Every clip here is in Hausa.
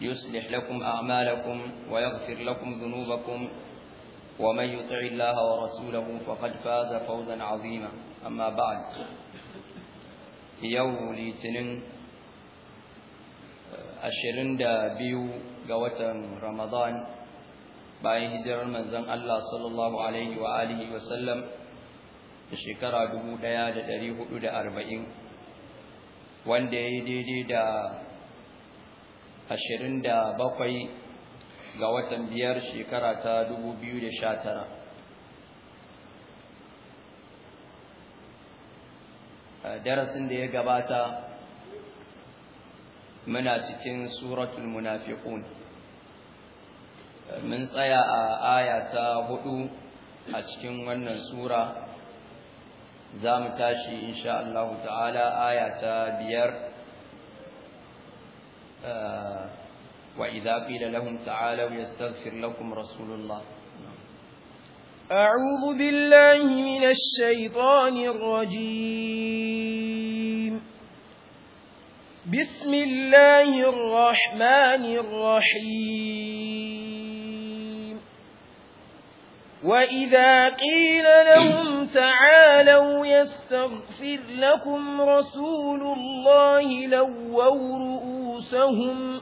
يصلح لكم أعمالكم ويغفر لكم ذنوبكم ومن يطع الله ورسوله فقد فاز فوزا عظيما أما بعد يوم لتنين ashirin da biyu ga watan Ramadan bayan hijirar manzon Allah sallallahu alaihi wa alihi wa sallam da shekara 1440 wanda ya yi daidai da ashirin da bakwai ga watan biyar shekara ta dubu biyu da sha tara darasin da ya gabata muna cikin suratul munafiqun mun tsaya a aya ta hudu a cikin wannan sura za mu tashi insha Allah ta'ala aya ta biyar آه، وإذا قيل لهم تعالوا يستغفر لكم رسول الله أعوذ بالله من الشيطان الرجيم بسم الله الرحمن الرحيم وإذا قيل لهم تعالوا يستغفر لكم رسول الله لووا رؤوسهم رؤوسهم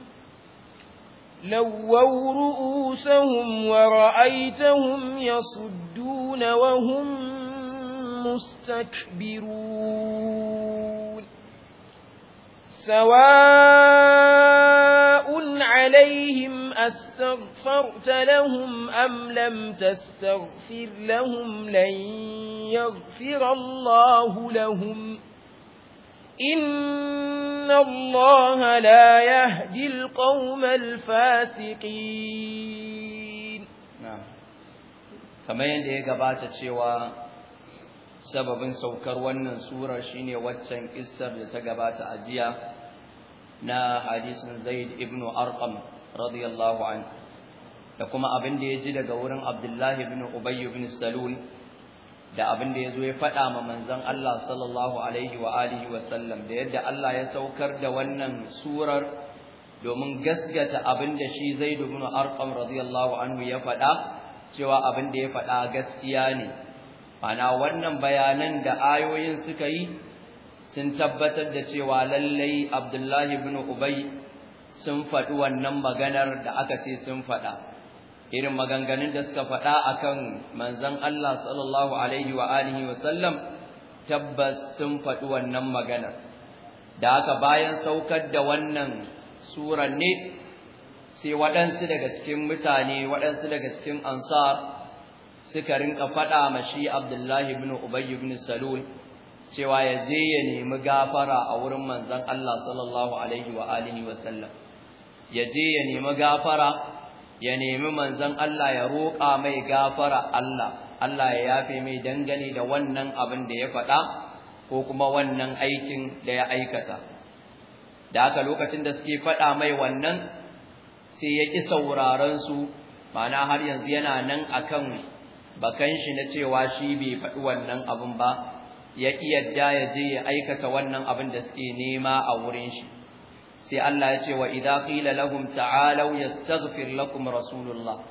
لووا رؤوسهم ورأيتهم يصدون وهم مستكبرون سواء عليهم أستغفرت لهم أم لم تستغفر لهم لن يغفر الله لهم إن الله لا يهدي القوم الفاسقين kamar yadda ya gabata cewa sababin saukar wannan surar shine waccan kissar da ta gabata a jiya na hadisin Zaid Ibnu Arqam radiyallahu anhu da kuma abin da ya ji daga wurin Abdullahi ibn Ubayyu ibn Salul da abin da ya zo ya faɗa ma manzon Allah sallallahu alaihi wa alihi wa sallam da yadda Allah ya saukar da wannan surar domin gasgata abin da shi Zaid ibn Arqam radiyallahu anhu ya faɗa cewa abin da ya faɗa gaskiya ne ana wannan bayanan da ayoyin suka yi sun tabbatar da cewa lallai Abdullahi ibn Ubay sun faɗi wannan maganar da aka ce sun faɗa irin maganganun da suka faɗa akan manzon Allah sallallahu alaihi tabbas sun faɗi wannan maganar da haka bayan saukar da wannan surar ne sai waɗansu daga cikin mutane waɗansu daga cikin ansar suka rinka faɗa ma shi Abdullahi bin Ubay bin Salul cewa ya je ya nemi gafara a wurin manzan Allah sallallahu alaihi ya je ya nemi gafara ya nemi manzon Allah ya roƙa mai gafara Allah Allah ya yafe mai dangane da wannan abin da ya faɗa ko kuma wannan aikin da ya aikata da haka lokacin da suke faɗa mai wannan sai ya ƙi su ma'ana har yanzu yana nan a kan bakan shi na cewa shi bai faɗi wannan abin ba ya ƙi yadda ya je ya aikata wannan abin da suke nema a wurin shi sai Allah ya ce wa idza qila lahum ta'alu yastaghfir lakum rasulullah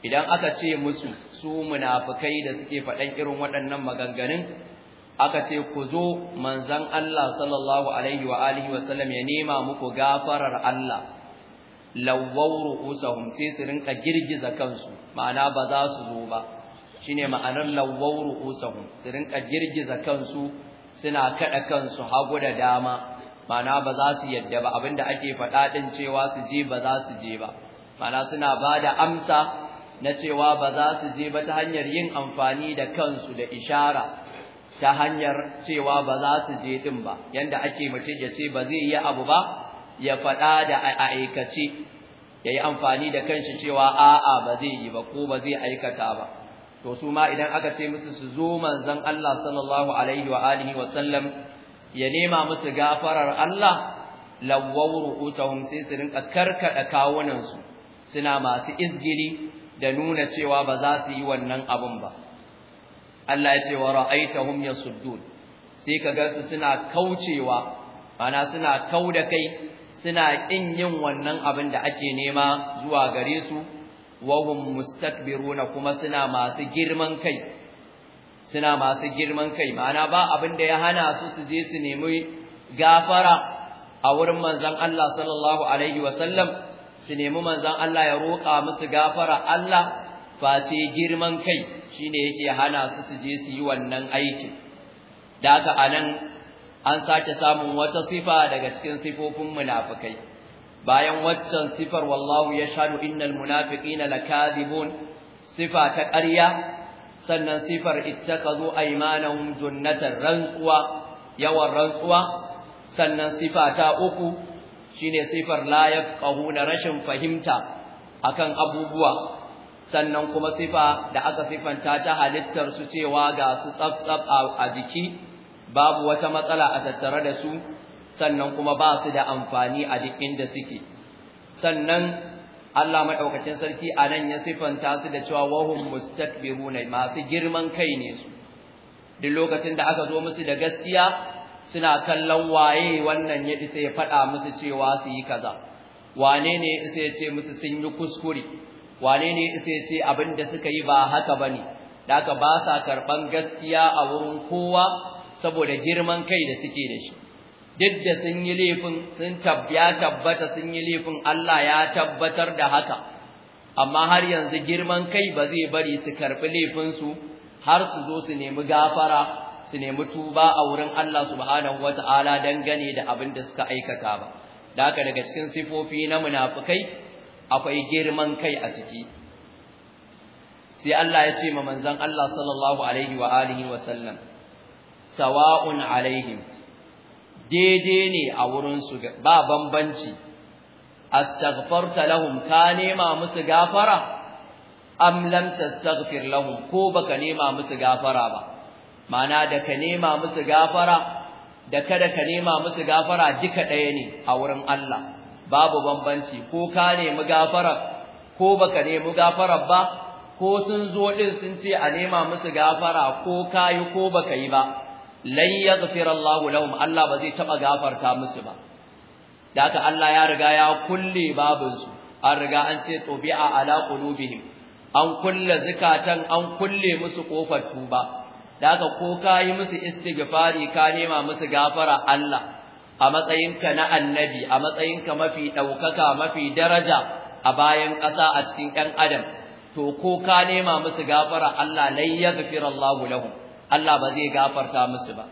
idan aka ce musu su munafikai da suke faɗan irin waɗannan maganganun aka ce ku zo manzon Allah sallallahu alaihi wa alihi wa sallam ya nema muku gafarar Allah lawwaw ru'usahum sai su rinka girgiza kansu ma'ana ba za su zo ba shine ma'anar lawwaw ru'usahum su rinka girgiza kansu suna kada kansu hagu da dama mana ba za su yadda ba abinda ake faɗa din cewa su je ba za su je ba mana suna ba da amsa na cewa ba za su je ba ta hanyar yin amfani da kansu da ishara ta hanyar cewa ba za su je din ba yanda ake mutum ya ce ba zai yi abu ba ya faɗa da aikace ya yi amfani da kanshi cewa a'a ba zai yi ba ko ba zai aikata ba to su ma idan aka ce musu su zo manzon Allah sallallahu alaihi wa alihi wa sallam ya nema musu gafarar Allah lawawru ru'usahum sai su rinka karkada kawunan su suna masu izgiri da nuna cewa ba za su yi wannan abin ba Allah ya ce wa ra'aitahum yasuddun sai kaga su suna kaucewa ana suna kau da kai suna kin yin wannan abin da ake nema zuwa gare su hum mustakbiruna kuma suna masu girman kai suna masu girman kai ma'ana ba abin da ya hana su su je su nemi gafara a wurin manzon Allah sallallahu alaihi wasallam su nemi manzon Allah ya roƙa musu gafara Allah fa ce girman kai shine yake hana su su je su yi wannan aikin da haka anan an sake samun wata sifa daga cikin sifofin munafikai bayan waccan sifar wallahu yashhadu innal munafiqina lakadibun sifa ta ƙarya sannan sifar ita a aymanahum junnatan rantsuwa yawan rantsuwa sannan sifa ta uku shine sifar la na rashin fahimta akan abubuwa sannan kuma sifa da aka sifanta ta halittar su cewa ga su tsaftsaf a jiki babu wata matsala a tattare da su sannan kuma ba su da amfani a duk inda suke sannan Allah madaukakin sarki anan ya sifanta su da cewa wahum mustakbiruna masu girman kai ne su duk lokacin da aka zo musu da gaskiya suna kallon waye wannan ya isa ya faɗa musu cewa su yi kaza wane ne isa ya ce musu sun yi kuskure wane ne isa ya ce abin da suka yi ba haka bane da aka ba sa karɓan gaskiya a wurin kowa saboda girman kai da suke da shi duk da sun yi laifin sun tabbata sun yi laifin Allah ya tabbatar da haka amma har yanzu girman kai ba zai bari su karɓi laifinsu har su zo su nemi gafara su nemi tuba a wurin Allah subhanahu wata'ala dangane da abin da suka aikata ba da haka daga cikin sifofi na munafukai akwai girman kai a ciki sai Allah ya ce ma manzon Allah sallallahu alaihi wa alihi wa sallam sawa'un alaihim daidai ne a wurinsu ba bambanci astaghfarta lahum ka nema musu gafara am lam tastaghfir lahum ko baka nema musu gafara ba mana da ka nema musu gafara da kada ka nema musu gafara duka ɗaya ne a wurin Allah babu bambanci ko ka nemi gafara ko baka nemi gafara ba ko sun zo din sun ce a nema musu gafara ko kayi ko baka yi ba lan yaghfira Allah lahum Allah ba zai taba gafarta musu ba da Allah ya riga ya kulle babinsu an riga an ce tubi'a ala qulubihim an kulle zikatan an kulle musu kofar tuba da ko ka yi musu istighfari ka nema musu gafara Allah a matsayinka na annabi a matsayinka mafi ɗaukaka mafi daraja a bayan ƙasa a cikin ‘yan adam to ko ka nema musu gafara Allah lai ya gafira lahum Allah ba zai gafarta musu ba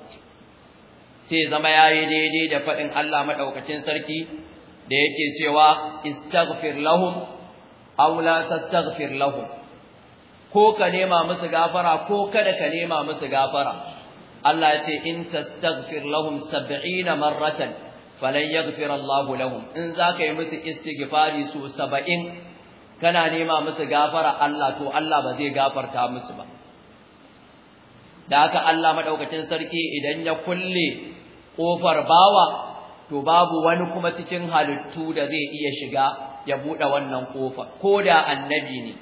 sai zama yayi daidai da fadin Allah madaukakin sarki da yake cewa istaghfir lahum aw la tastaghfir lahum ko ka nema musu gafara ko kada ka nema musu gafara Allah ya ce in tastaghfir lahum 70 marratan falan yaghfir Allah lahum in zaka yi musu istighfari su 70 kana nema musu gafara Allah to Allah ba zai gafarta musu ba da haka Allah madaukakin sarki idan ya kulle kofar bawa to babu wani kuma cikin halittu da zai iya shiga ya bude wannan kofar da annabi ne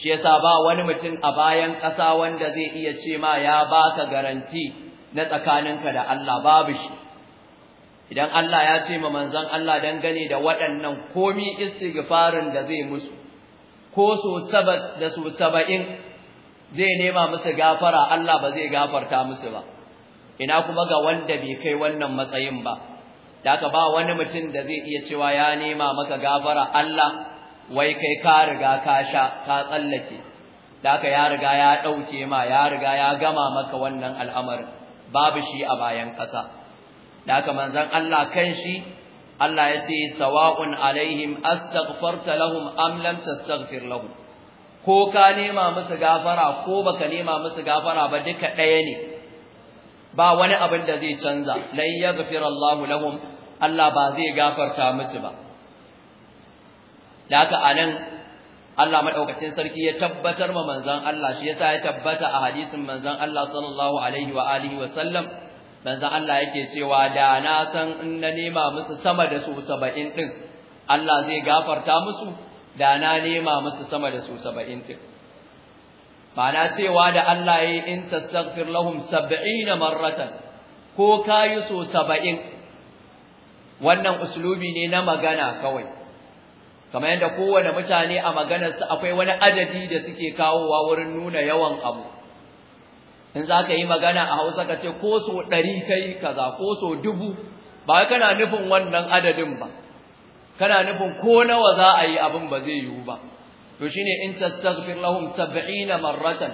shi yasa ba wani mutum a bayan ƙasa wanda zai iya ce ma ya baka garanti na tsakaninka da Allah babu shi idan Allah ya ce ma manzon Allah dangane da waɗannan komi istighfarin da zai musu ko so sabas da so zai nema musu gafara Allah ba zai gafarta musu ba ina kuma ga wanda bai kai wannan matsayin ba da ba wani mutum da zai iya cewa ya nema maka gafara Allah wai kai ka riga ka sha ka tsallake da ya riga ya dauke ma ya riga ya gama maka wannan al'amarin babu shi a bayan ƙasa da manzon Allah kan shi Allah ya ce sawa'un alaihim astaghfarta lahum am lam tastaghfir lahum ko ka nema musu gafara ko baka nema musu gafara ba duka ɗaya ne ba wani abin da zai canza lan lahu lahum Allah ba zai gafarta musu ba da anan Allah madaukakin sarki ya tabbatar ma manzon Allah shi yasa ya tabbata a hadisin manzon Allah sallallahu alaihi wa alihi wa sallam manzon Allah yake cewa da na san in na nema musu sama da su 70 din Allah zai gafarta musu da na nema musu sama da su 70 din na cewa da Allah yayi in tastaghfir lahum 70 marratan ko kayi so 70 wannan uslubi ne na magana kawai kamar yadda kowane mutane a maganar su akwai wani adadi da suke kawowa wurin nuna yawan abu in za ka yi magana a hausa ka ce ko so ɗari kai kaza ko so dubu ba kana nufin wannan adadin ba kana nufin ko nawa za a yi abin ba zai yiwu ba to shine in tastaghfir lahum 70 marratan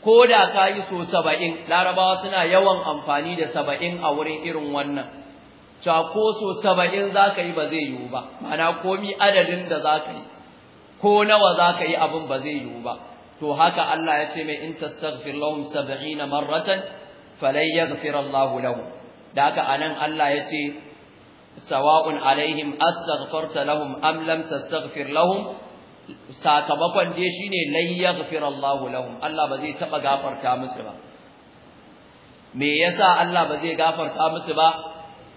ko da ka yi so 70 larabawa suna yawan amfani da 70 a wurin irin wannan cewa ko so 70 ka yi ba zai yiwu ba ana komi adadin da za ka yi ko nawa za ka yi abin ba zai yiwu ba to haka Allah ya ce mai in tastaghfir lahum 70 marratan falan yaghfir Allah lahum da haka anan Allah ya ce sawa'un alaihim astaghfarta lahum am lam tastaghfir sakamakon dai shine lan yaghfir Allah lahum Allah ba zai taba gafarta musu ba me yasa Allah ba zai gafarta musu ba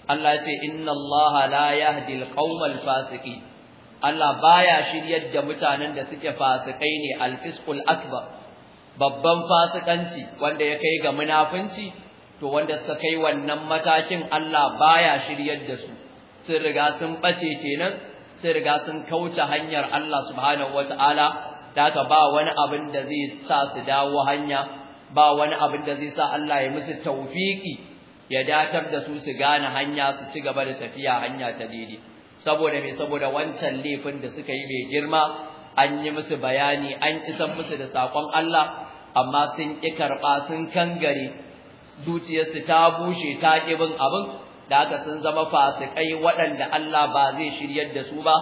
Allah ya ce inna Allah la yahdi al-qaumal Allah baya shiryar da mutanen da suke fasikai ne al-fisqul akbar babban fasikanci wanda ya kai ga munafunci to wanda suka kai wannan matakin Allah baya shiryar da su sun riga sun ɓace kenan sun riga sun kauce hanyar Allah subhanahu wataala da ba wani abin da zai sa su dawo hanya ba wani abin da zai sa Allah ya musu tawfiki ya datar da su su gane hanya su ci gaba da tafiya hanya ta daidai saboda me saboda wancan laifin da suka yi mai girma an yi musu bayani an isan musu da sakon Allah amma sun ƙi karɓa sun kangare zuciyarsu ta bushe ta ƙi bin abin da haka sun zama fasikai waɗanda Allah ba zai shiryar da su ba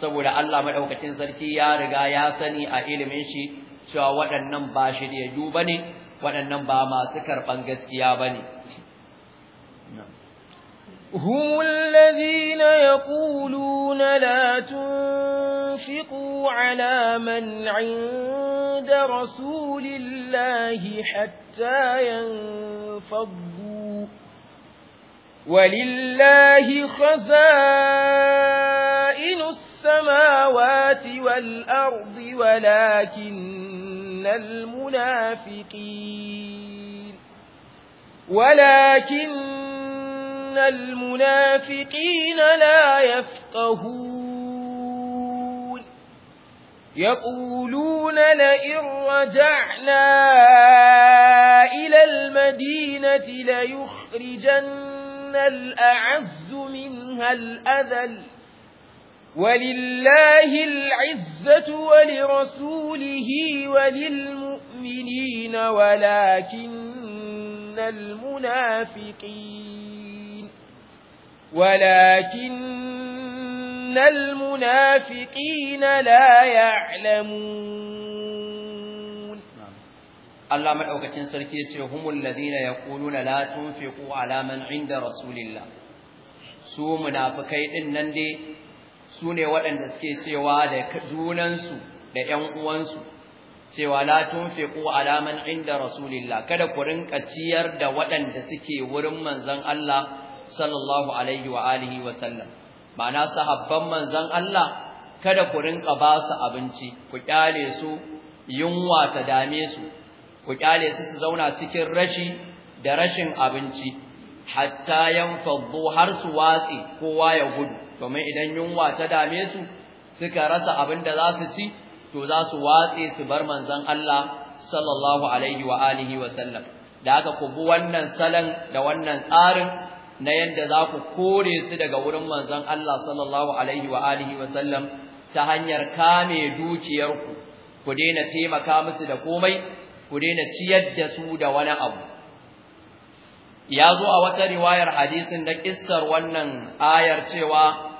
saboda Allah madaukakin sarki ya riga ya sani a ilimin shi cewa waɗannan ba shirye du bane waɗannan ba masu karban gaskiya bane هم الذين يقولون لا تنفقوا على من عند رسول الله حتى ينفضوا ولله خزائن السماوات والأرض ولكن المنافقين ولكن المنافقين لا يفقهون يقولون لئن رجعنا إلى المدينة ليخرجن الأعز منها الأذل ولله العزة ولرسوله وللمؤمنين ولكن المنافقين ولكن المنافقين لا يعلمون Allah maɗaukacin sarki ya ce humul ladina yaquluna la tunfiqu ala alaman inda rasulillah su munafukai ɗin nan dai su ne waɗanda suke cewa da junansu da 'yan uwansu cewa la tunfiqu ala inda rasulillah kada ku rinka ciyar da waɗanda suke wurin manzon Allah sallallahu alaihi wa alihi wa sallam ma'ana sahabban manzon Allah kada ku rinka ba su abinci ku ƙyale su yunwa ta dame su ku kyale su su zauna cikin rashi da rashin abinci hatta yanfaddu har su watsi kowa ya gudu domin idan yunwa ta dame su suka rasa abin da za su ci to za su watse su bar manzon Allah sallallahu alaihi wa alihi wa sallam da aka wannan salan da wannan tsarin na yanda za ku kore su daga wurin manzon Allah sallallahu alaihi wa alihi wa sallam ta hanyar kame dukiyarku ku daina taimaka musu da komai ku daina ciyar da su da wani abu ya zo a wata riwayar hadisin da kissar wannan ayar cewa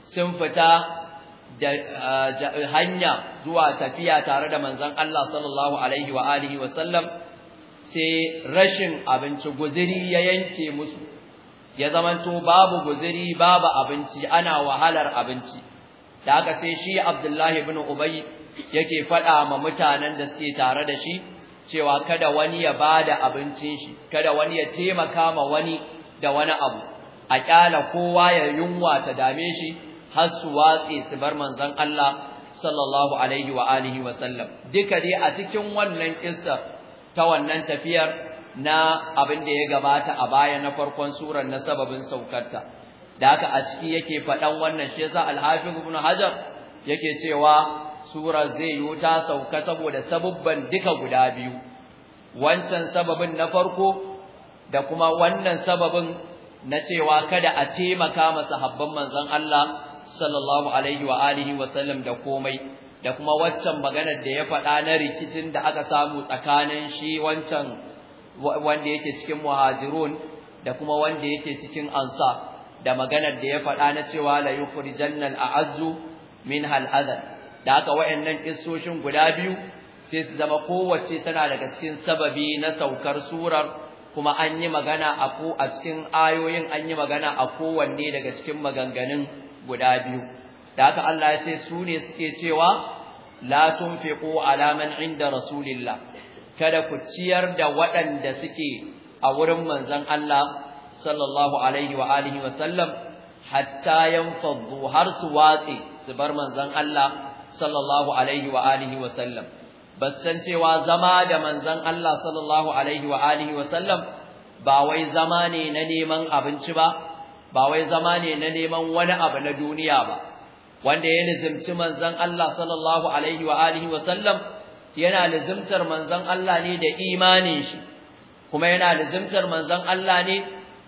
sun fita da hanya zuwa tafiya tare da manzon Allah sallallahu alaihi wa alihi wa sallam sai rashin abinci guziri ya yanke musu ya zamanto babu guziri babu abinci ana wahalar abinci da haka sai shi Abdullahi ibn Ubay yake faɗa ma mutanen da suke tare da shi cewa kada wani ya bada abincin shi kada wani ya taimaka ma wani da wani abu a kyala kowa ya yunwa ta dame shi har su watse su bar manzon Allah sallallahu alaihi wa alihi wa sallam duka dai a cikin wannan kissa ta wannan tafiyar na abin da ya gabata a baya na farkon surar na sababin saukarta da haka a ciki yake faɗan wannan shi yasa al-hafiz ibn hajar yake cewa sura zai yi ta sauka saboda sabubban duka guda biyu wancan sababin na farko da kuma wannan sababin na cewa kada a taimaka masa habban manzon Allah sallallahu alaihi wa alihi wa sallam da komai da kuma waccan maganar da ya faɗa na rikicin da aka samu tsakanin shi wancan wanda yake cikin muhajirun da kuma wanda yake cikin ansa da maganar da ya faɗa na cewa la yukhrijannal a'azzu min hal adhan da haka wayannan kissoshin guda biyu sai su zama kowace tana daga cikin sababi na saukar surar kuma an yi magana a ko a cikin ayoyin an yi magana a kowanne daga cikin maganganun guda biyu da haka Allah ya ce su ne suke cewa la tunfiqu ala man inda rasulillah kada ku ciyar da waɗanda suke a wurin manzon Allah sallallahu alaihi wa alihi wa sallam hatta yanfadhu har su watsi su bar manzon Allah sallallahu alaihi wa alihi wa sallam ba san cewa zama da manzon Allah sallallahu alaihi wa alihi wa sallam ba wai zama ne na neman abinci ba ba wai zama ne na neman wani abu na duniya ba wanda ya nizimci manzon Allah sallallahu alaihi wa alihi wa sallam yana nizimtar manzon Allah ne da imanin shi kuma yana nizimtar manzon Allah ne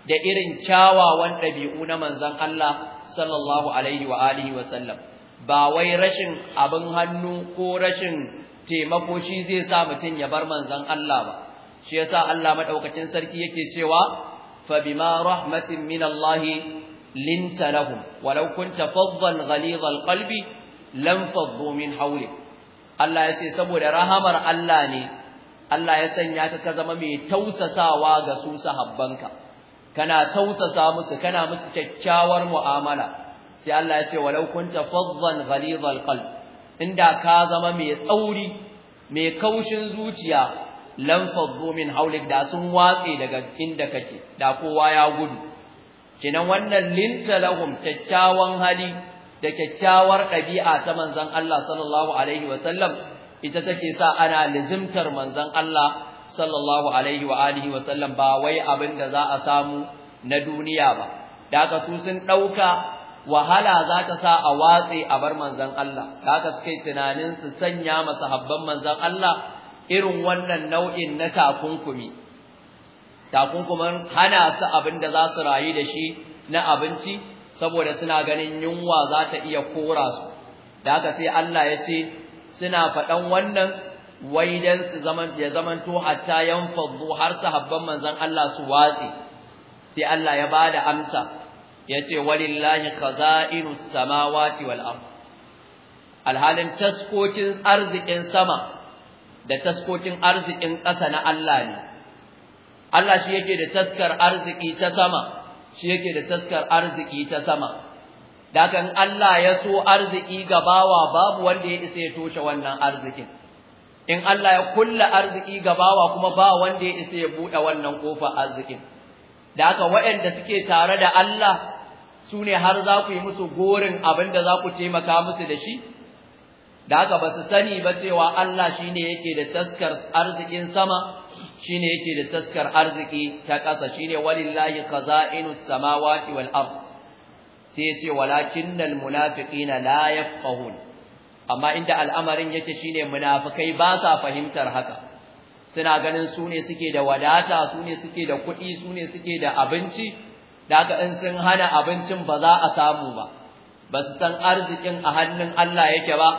da irin kyawawan dabi'u na manzon Allah sallallahu alaihi wa alihi wa sallam ba wai rashin abin hannu ko rashin taimako shi zai sa mutum ya bar manzon Allah ba shi yasa Allah madaukakin sarki yake cewa fa bima rahmatin min Allah linta lahum walau kunta faddan ghalid alqalbi lam faddu min hawlik Allah yace saboda rahamar Allah ne Allah ya sanya ka ka zama mai tausasawa ga su sahabbanka kana tausasa musu kana musu kyakkyawar mu'amala sai Allah ya ce walau kunta faddan ghalidhal qalb inda ka zama mai tsauri mai kaushin zuciya lan faddu min haulik da sun watse daga inda kake da kowa ya gudu kinan wannan linta lahum kyakkyawan hali da kyakkyawar ɗabi'a ta manzon Allah sallallahu alaihi wa sallam ita take sa ana lizimtar manzon Allah sallallahu alaihi wa alihi wa sallam ba wai abin da za a samu na duniya ba da haka su sun ɗauka wahala za ta sa a watse a bar manzan Allah haka suke tunanin su sanya masa habban manzan Allah irin wannan nau'in na takunkumi takunkumin hana su abinda da za su rayu da shi na abinci saboda suna ganin yunwa za ta iya kora su da haka sai Allah ya ce suna faɗan wannan wai dan su zaman ya zamanto hatta yanfaddu har su sahabban manzan Allah su watse sai Allah ya bada amsa yace walillahi khaza'inus samawati wal ard alhalin taskocin arzikin sama da taskocin arzikin ƙasa na Allah ne Allah shi yake da taskar arziki ta sama shi yake da taskar arziki ta sama dakan Allah ya so arziki ga bawa babu wanda ya isa ya toshe wannan arzikin in Allah ya kulla arziki ga bawa kuma ba wanda ya isa ya bude wannan kofar arzikin da haka waɗanda suke tare da Allah su ne har za ku yi musu gorin abin da za ku taimaka musu da shi da haka ba su sani ba cewa Allah shi ne yake da taskar arzikin sama shi ne yake da taskar arziki ta ƙasa shi ne walillahi khaza'inu sama, wal ard sai ya ce munafiƙi na la yafqahun amma inda al'amarin yake shi ne munafikai ba sa fahimtar haka suna ganin su ne suke da wadata su ne suke da kuɗi su ne suke da abinci da in sun hana abincin ba za a samu ba ba su san arzikin a hannun Allah yake ba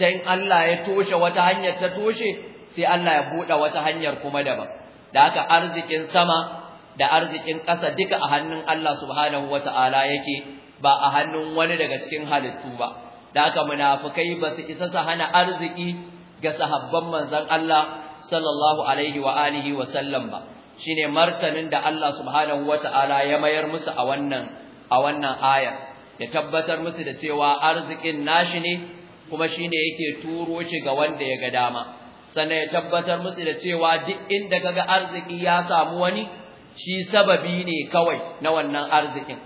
sai in Allah ya toshe wata hanyar ta toshe sai Allah ya buɗe wata hanyar kuma daban da haka arzikin sama da arzikin ƙasa duka a hannun Allah subhanahu wata'ala yake ba a hannun wani daga cikin halittu ba da haka munafukai ba su isa su hana arziki ga sahabban manzon Allah sallallahu alaihi wa alihi wa sallam ba shine martanin da Allah subhanahu wata'ala ya mayar musu a wannan a wannan aya ya tabbatar musu da cewa arzikin nashi ne kuma shine yake turo shi ga wanda ya ga dama sannan ya tabbatar musu da cewa duk inda kaga arziki ya samu wani shi sababi ne kawai na wannan arzikin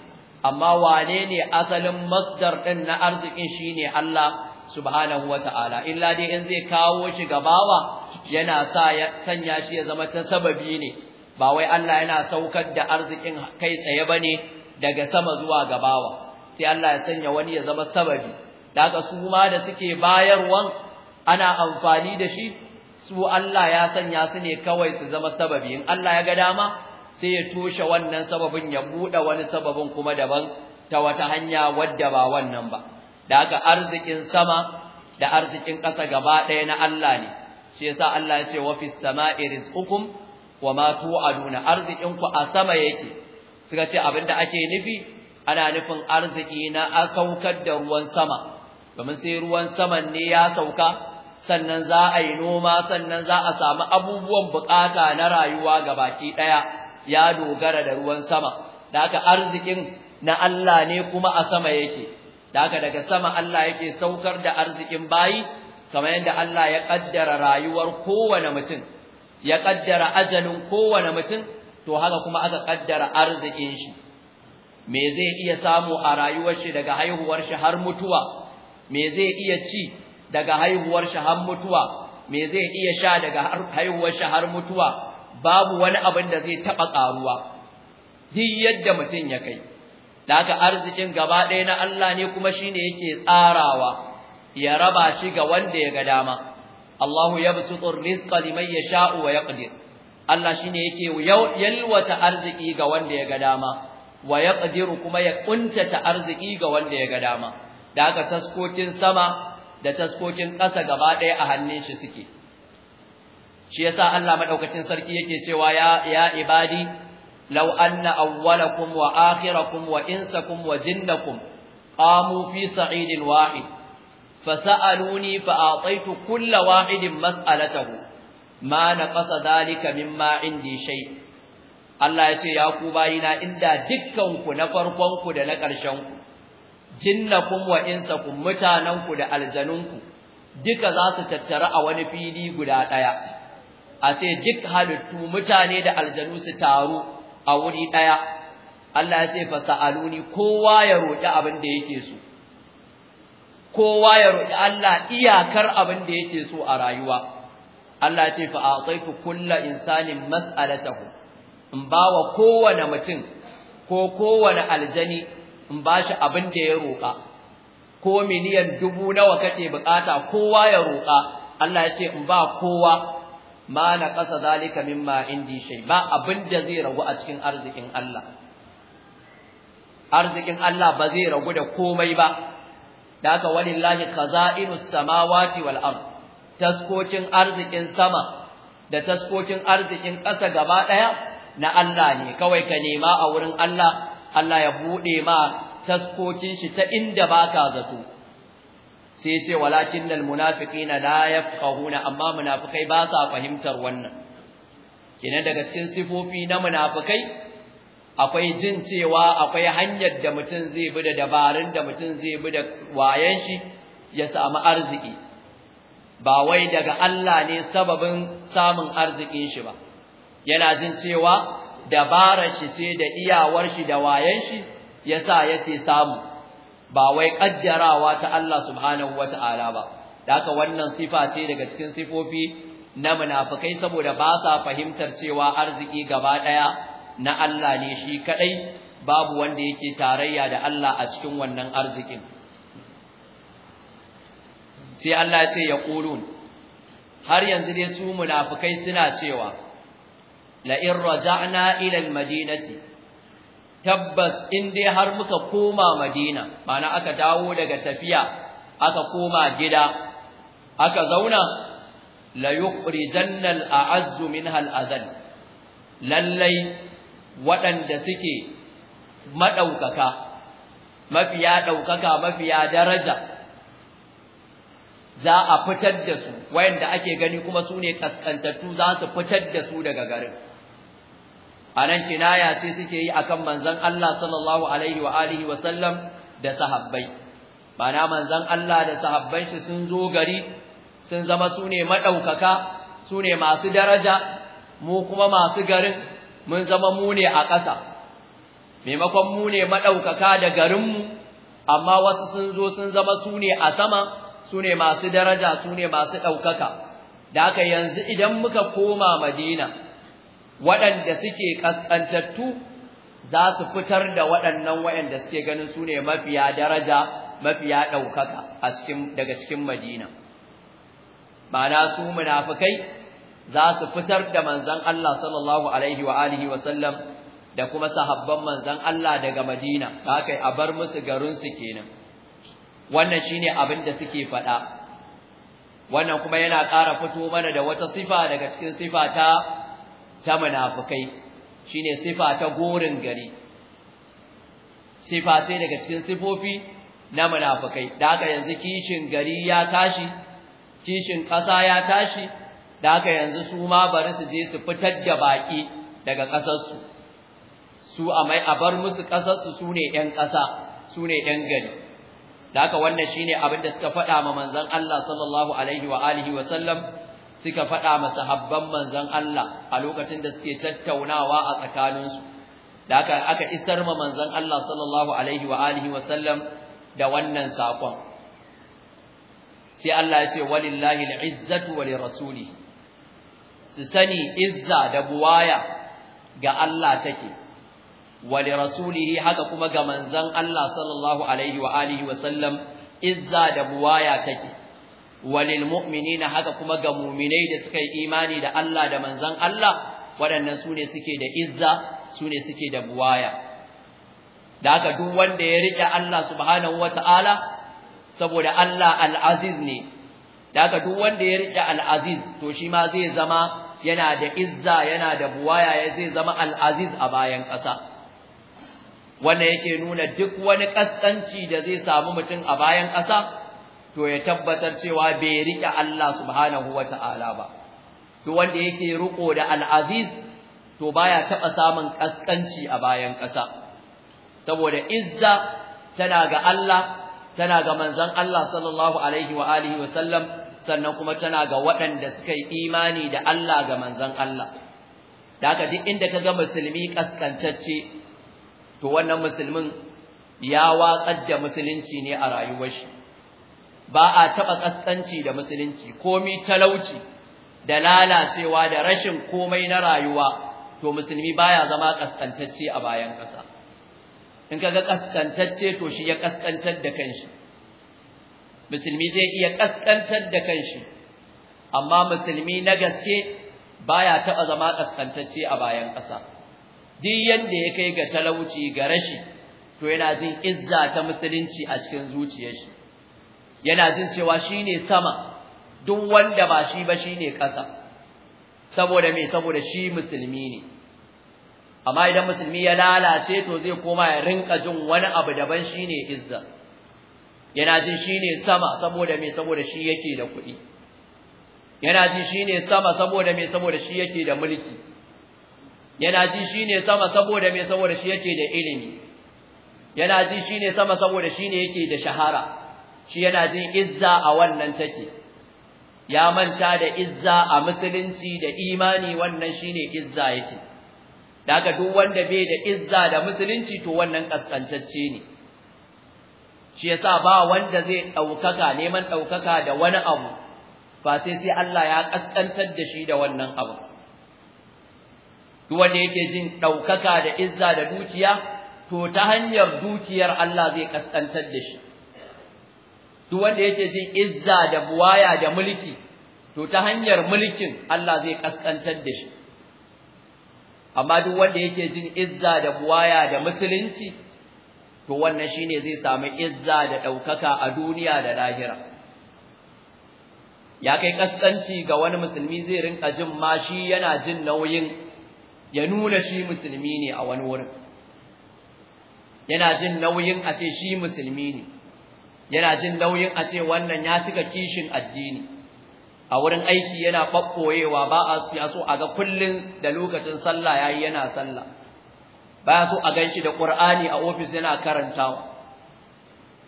amma wane ne asalin masdar din na arzikin shine Allah subhanahu wata'ala illa dai in zai kawo shi gabawa yana sa ya sanya shi ya zama ta sababi ne ba wai Allah yana saukar da arzikin kai tsaye bane daga sama zuwa gabawa sai Allah ya sanya wani ya zama sababi daga su ma da suke bayarwan ana amfani da shi su Allah ya sanya su ne kawai su zama sababi in Allah ya ga dama sai ya toshe wannan sababin ya bude wani sababin kuma daban ta wata hanya wadda ba wannan ba da arzikin sama da arzikin ƙasa gaba ɗaya na Allah ne shi yasa Allah ya ce wa fis sama'i rizqukum wa ma tu'aduna arzikin ku a sama yake suka ce abinda ake nufi ana nufin arziki na a saukar da ruwan sama domin sai ruwan saman ne ya sauka sannan za a yi noma sannan za a samu abubuwan bukata na rayuwa ga baki daya ya dogara da ruwan sama da haka arzikin na Allah ne kuma a sama yake da haka daga sama Allah yake saukar da arzikin bayi kamar yadda Allah ya kaddara rayuwar kowane mutum ya kaddara ajalin kowane mutum to haka kuma aka kaddara arzikin shi me zai iya samu a rayuwar shi daga haihuwar shi har mutuwa me zai iya ci daga haihuwar shi har mutuwa me zai iya sha daga haihuwar shi har mutuwa babu wani abin da zai taba karuwa duk yadda mutum ya kai da aka arzikin gaba ɗaya na Allah ne kuma shine yake tsarawa ya raba shi ga wanda ya ga dama Allahu yabsutu ar-rizqa ya sha'u wa yaqdir Allah shine yake yalwata arziki ga wanda ya ga dama wa yaqdiru kuma ya ƙuntata arziki ga wanda ya ga dama da haka taskokin sama da taskokin ƙasa gaba ɗaya a hannun shi suke shi yasa Allah maɗaukacin sarki yake cewa ya ya ibadi lauanna, anna awwalakum wa akhirakum wa insakum wa jinnakum qamu fi sa'idin wahid فسألوني فأعطيت كل واحد مسألته ما نقص ذلك مما عندي شيء Allah ya ce ya ku bayina inda dukkanku na farkonku da na ƙarshenku jinnakum wa insakum mutananku da aljanunku duka za su tattara a wani fili guda ɗaya a ce duk halittu mutane da aljanu su taru a wuri ɗaya Allah ya ce fa sa'aluni kowa ya roƙi abin da yake so kowa ya roƙi Allah iyakar abin da yake so a rayuwa Allah ya ce fa a'taitu kulla insanin mas'alatahu in bawa kowane mutum ko kowane aljani in ba shi abin da ya roƙa ko miliyan dubu nawa kake bukata kowa ya roƙa Allah ya ce in ba kowa ma na ƙasa zalika mimma indi shay ba abin da zai ragu a cikin arzikin Allah arzikin Allah ba zai ragu da komai ba da aka walillahi khaza'inus samawati wal ard taskokin arzikin sama da taskokin arzikin ƙasa gaba ɗaya na Allah ne kawai ka nema a wurin Allah Allah ya bude ma taskokin shi ta inda baka zato sai ce walakinnal munafiqina la yafqahuna amma munafikai ba sa fahimtar wannan kina daga cikin sifofi na munafikai akwai jin cewa akwai hanyar da mutum zai bi da dabarun da mutum zai bi da wayan shi ya samu arziki ba wai daga Allah ne sababin samun arzikin shi ba yana jin cewa dabarar shi ce da iyawar shi da wayan shi yasa yake samu ba wai kaddarawa ta Allah subhanahu wata'ala ba haka wannan sifa ce daga cikin sifofi na munafikai saboda ba sa fahimtar cewa arziki gaba daya na Allah ne shi kadai babu wanda yake tarayya da Allah a cikin wannan arzikin sai Allah sai ya kulun har yanzu dai su munafikai suna cewa la in raja'na ila madinati tabbas in dai har muka koma madina bana aka dawo daga tafiya aka koma gida aka zauna la yukhrijanna al-a'azzu minha azal lallai waɗanda suke maɗaukaka mafiya ɗaukaka mafiya daraja za a fitar da su wayanda ake gani kuma su ne ƙasƙantattu za su fitar da su daga garin a nan kinaya ce suke yi akan manzon Allah sallallahu alaihi wa alihi wa da sahabbai bana manzan Allah da sahabban shi sun zo gari sun zama su ne maɗaukaka su ne masu daraja mu kuma masu garin mun zama mu ne a ƙasa maimakon mu ne maɗaukaka da garinmu amma wasu sun zo sun zama su ne a sama su ne masu daraja su ne masu ɗaukaka da haka yanzu idan muka koma madina waɗanda suke ƙasƙantattu za su fitar da waɗannan waɗanda suke ganin su ne mafiya daraja mafiya ɗaukaka a daga cikin madina na su munafukai za su fitar da manzon Allah sallallahu alaihi wa alihi wa sallam da kuma sahabban manzon Allah daga Madina da haka a bar musu garin su kenan wannan shine abin da suke faɗa wannan kuma yana ƙara fito mana da wata sifa daga cikin sifa ta ta munafikai shine sifa ta gorin gari sifa sai daga cikin sifofi na munafikai da haka yanzu kishin gari ya tashi kishin ƙasa ya tashi da haka yanzu su ma bari su je su fitar da baki daga ƙasarsu su a mai a bar musu ƙasarsu su ne ƴan ƙasa su ne ƴan gari da haka wannan shi ne abin da suka faɗa ma manzan Allah sallallahu alaihi wa alihi wa sallam suka faɗa ma sahabban manzan Allah a lokacin da suke tattaunawa a tsakaninsu da haka aka isar ma manzan Allah sallallahu alaihi wa alihi wa sallam da wannan saƙon sai Allah ya ce walillahi al'izzatu wa lirasulihi su sani izza da buwaya ga Allah take wa li rasulihi haka kuma ga manzon Allah sallallahu alaihi wa alihi wa sallam izza da buwaya take wa lil mu'minina haka kuma ga mu'minai da suka yi imani da Allah da manzon Allah waɗannan ne suke da izza su ne suke da buwaya da haka duk wanda ya riƙe Allah subhanahu wata'ala saboda Allah al-aziz ne da duk wanda ya riƙe al'aziz to shi ma zai zama yana da izza yana da buwaya ya zai zama al'aziz a bayan ƙasa wannan yake nuna duk wani ƙasƙanci da zai samu mutum a bayan ƙasa to ya tabbatar cewa bai riƙe Allah subhanahu Ta'ala ba to wanda yake riƙo da al'aziz aziz to baya taɓa samun ƙasƙanci a bayan ƙasa saboda izza tana ga Allah tana ga manzon Allah sallallahu alaihi wa alihi wa sallam sannan kuma tana ga waɗanda suka yi imani da Allah ga manzan Allah da duk inda kaga musulmi kaskantacce to wannan musulmin ya watsar da musulunci ne a rayuwar shi ba a taɓa kaskanci da musulunci komi talauci da lalacewa da rashin komai na rayuwa to musulmi baya zama kaskantacce a bayan ƙasa in kaga kaskantacce to shi ya kaskantar da kanshi musulmi zai iya kaskantar da kanshi amma musulmi na gaske baya taba zama kaskantacce a bayan ƙasa duk yanda ya kai ga talauci ga rashi to yana jin izza ta musulunci a cikin zuciyar shi yana jin cewa shine sama duk wanda ba shi ba shine ƙasa saboda me saboda shi musulmi ne amma idan musulmi ya lalace to zai koma ya rinka jin wani abu daban shine izza yana jin ne sama saboda me saboda shi yake da kuɗi yana jin ne sama saboda me saboda shi yake da mulki yana jin ne sama saboda me saboda shi yake da ilimi yana jin ne sama saboda shi ne yake da shahara shi yana jin izza a wannan take ya manta da izza a musulunci da imani wannan shi ne izza yake daga duk wanda bai da izza da musulunci to wannan kaskantacce ne shi yasa ba wanda zai ɗaukaka neman ɗaukaka da wani abu ba sai sai Allah ya ƙasƙantar da shi da wannan abu duk wanda yake jin ɗaukaka da izza da dukiya to ta hanyar dukiyar Allah zai ƙasƙantar da shi duk wanda yake jin izza da buwaya da mulki to ta hanyar mulkin Allah zai ƙasƙantar da shi amma duk wanda yake jin izza da buwaya da musulunci to wannan shine zai samu izza da daukaka a duniya da lahira ya kai kasanci ga wani musulmi zai rinka jin ma shi yana jin nauyin ya nuna shi musulmi ne a wani wurin yana jin nauyin a ce shi musulmi ne yana jin nauyin a ce wannan ya cika kishin addini a wurin aiki yana babboyewa ba a so a ga kullun da lokacin sallah yayi yana sallah baya so a ganshi da Qur'ani a office yana karantawa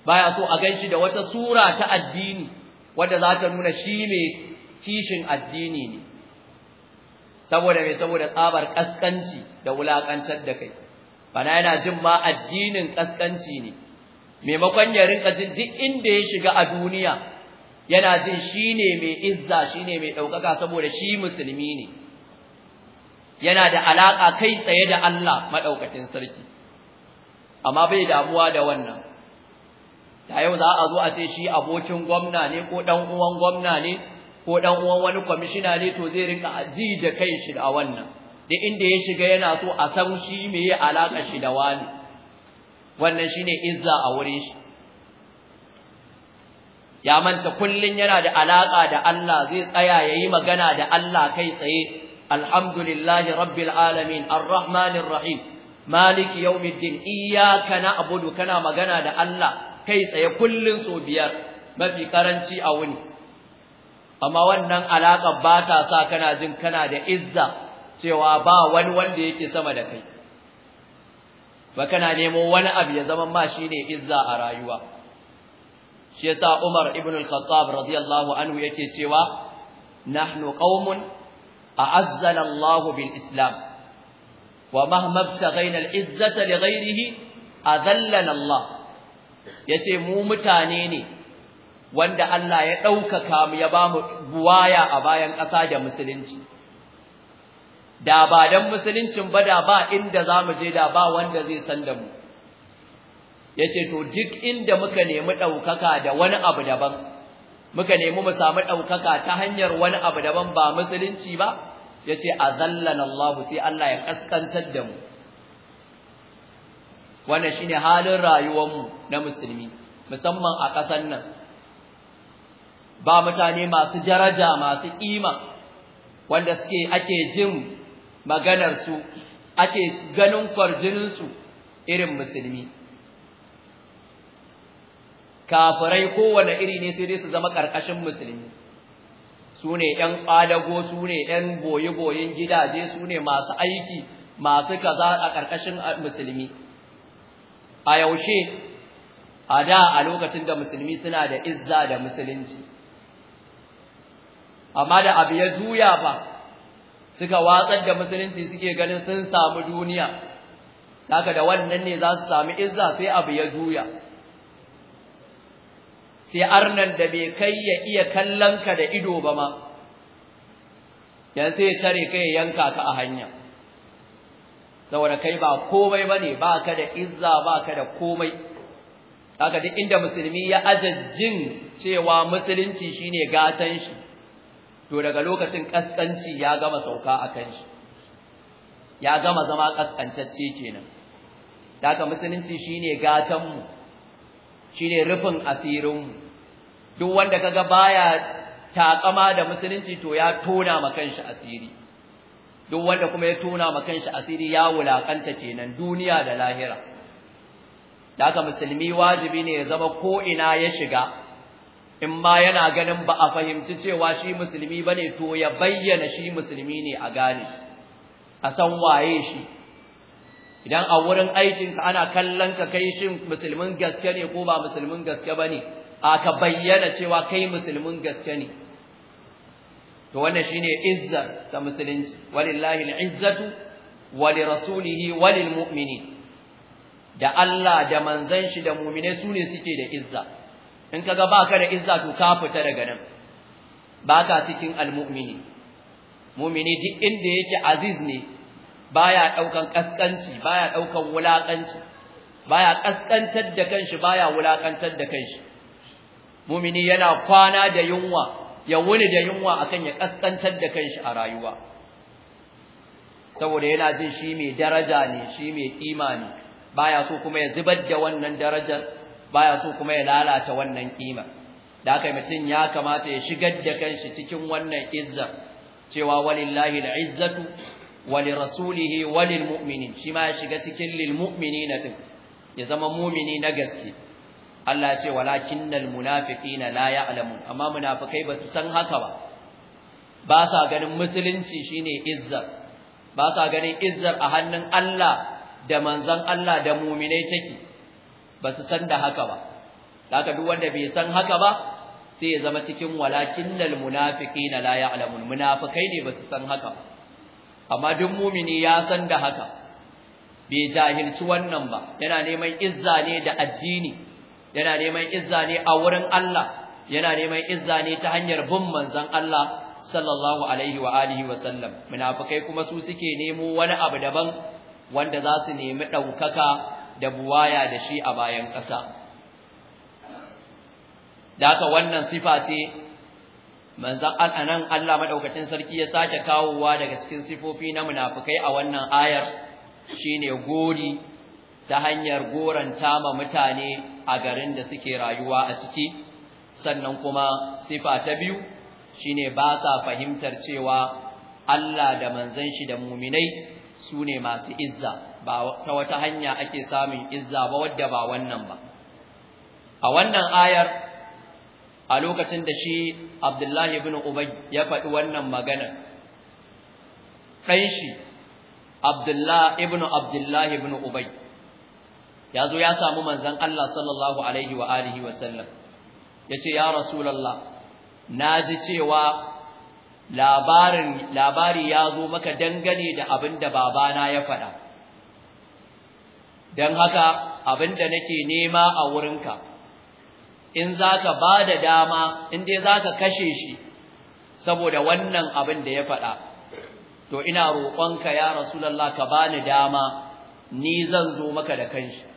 baya so a ganshi da wata sura ta addini wanda za ta nuna shi ne kishin addini ne saboda me saboda tsabar kaskanci da wulakantar da kai bana yana jin ma addinin kaskanci ne maimakon ya rinka jin duk inda ya shiga a duniya yana jin shine mai izza shine mai daukaka saboda shi musulmi ne yana da alaka kai tsaye da Allah madaukakin sarki amma bai damuwa da wannan Ta yau za a zo a ce shi abokin gwamna ne ko dan uwan gwamna ne ko dan uwan wani kwamishina ne to zai rika ji da kai shi da wannan da inda ya shiga yana so a san shi me ya alaka shi da wani wannan shine izza a wurin shi ya manta kullun yana da alaka da Allah zai tsaya yayi magana da Allah kai tsaye الحمد لله رب العالمين الرحمن الرحيم مالك يوم الدين إياك نعبد كنا مغنى دا الله كي سيكل صوبيار ما في كرنشي أوني أما ونن علاقة باتا ساكنا جن كنا دا إزا سوى با ون ون دي كسما دا كي فكنا نيمو ون أبي زمن ما شيني إزا أرايوا شيسا عمر ابن الخطاب رضي الله عنه يكي سوى نحن قوم a'azzana Allah bil Islam wa mahma btaghaina al izzata li ghayrihi azallana yace mu mutane ne wanda Allah ya ɗaukaka mu ya bamu buwaya a bayan ƙasa da musulunci da ba dan musuluncin ba da ba inda mu je da ba wanda zai san da mu yace to duk inda muka nemi ɗaukaka da wani abu daban muka nemi mu samu ɗaukaka ta hanyar wani abu daban ba musulunci ba ya ce a Allah sai Allah ya ƙaskantar da mu wannan shine halin rayuwar mu na musulmi musamman a ƙasar nan ba mutane masu daraja masu ƙima wanda suke ake jin maganarsu ake ganin kwarjininsu irin musulmi kafirai kowane iri ne sai dai su zama karkashin musulmi su ne ‘yan ƙwalago, su ne ‘yan boye-boyen gidaje su ne masu aiki masu kaza a ƙarƙashin musulmi a yaushe a da a lokacin da musulmi suna da izza da musulunci amma da abu ya juya ba suka watsar da musulunci suke ganin sun samu duniya haka da wannan ne za su sami izza sai abu ya juya sai arnan da bai kai ya iya kallon ka da ido ba ma yanzu sai tare kai yanka ka a hanya saboda kai ba komai bane ba ka da izza ba ka da komai haka duk inda musulmi ya ajajjin cewa musulunci shine gatan shi to daga lokacin kaskanci ya gama sauka kan shi ya gama zama kaskantacce kenan haka musulunci shine gatan mu shine rufin asirinmu duk wanda kaga baya taƙama da musulunci to ya tona ma shi asiri duk wanda kuma ya tona ma kanshi asiri ya wulakanta kenan duniya da lahira daga musulmi wajibi ne ya zama ko ina ya shiga in ma yana ganin ba a fahimci cewa shi musulmi bane to ya bayyana shi musulmi ne a gane a san waye shi idan a wurin aikinka ana kallon ka kai shin musulmin gaske ne ko ba musulmin gaske bane aka bayyana cewa kai musulmin gaske ne to wannan shine izza ta musulunci walillahi al'izzatu wali rasulihi da Allah da manzon shi da mu'mine sune ne suke da izza in kaga baka da izza to ka fita daga nan baka cikin almu'mini mu'mini duk inda yake aziz ne baya daukan kaskanci baya daukan wulakanci baya kaskantar da kanshi baya wulakantar da kanshi mumini yana kwana da yunwa ya wuni da yunwa akan ya kaskantar da kanshi a rayuwa saboda yana jin shi mai daraja ne shi mai kima ne baya so kuma ya zubar da wannan darajar baya so kuma ya lalata wannan kima da haka mutum ya kamata ya shigar da kanshi cikin wannan izza cewa walillahi al'izzatu walirasulihi walilmu'minin shi ma ya shiga cikin lilmu'minina din ya zama mumini na gaske Allah ya ce walakinnal munafiqina la ya'lamun amma munafikai ba su san haka ba ba sa ganin musulunci shine izzar ba sa ganin izzar a hannun Allah da manzon Allah da mu'minai take ba su san da haka ba haka duk wanda bai san haka ba sai ya zama cikin walakinnal munafiqina la ya'lamun munafikai ne ba su san haka amma duk mu'mini ya san da haka bai jahilci wannan ba yana neman izza ne da addini yana neman izza ne a wurin Allah yana neman izza ne ta hanyar bin manzon Allah sallallahu alaihi wa alihi wa sallam munafikai kuma su suke nemo wani abu daban wanda za su nemi daukaka da buwaya da shi a bayan ƙasa daka wannan sifa ce manzon nan Allah madaukakin sarki ya sake kawowa daga cikin sifofi na munafikai a wannan ayar shine gori ta hanyar goranta ma mutane a garin da suke rayuwa a ciki sannan kuma sifa ta biyu shine ba sa fahimtar cewa Allah da manzon shi da muminai sune masu izza ba ta wata hanya ake samun izza ba wadda ba wannan ba a wannan ayar a lokacin da shi Abdullahi ibn Ubay ya faɗi wannan magana ɗan shi Abdullahi ibn Abdullahi ibn Ubay ya zo ya samu manzon Allah sallallahu alaihi wa alihi wa sallam yace ya rasulullah naji cewa labarin labari ya zo maka dangane da abin da babana ya faɗa don haka abin da nake nema a wurinka in za ka ba da dama in dai za ka kashe shi saboda wannan abin da ya faɗa to ina roƙonka ya rasulallah ka bani dama ni zan zo maka da kanshi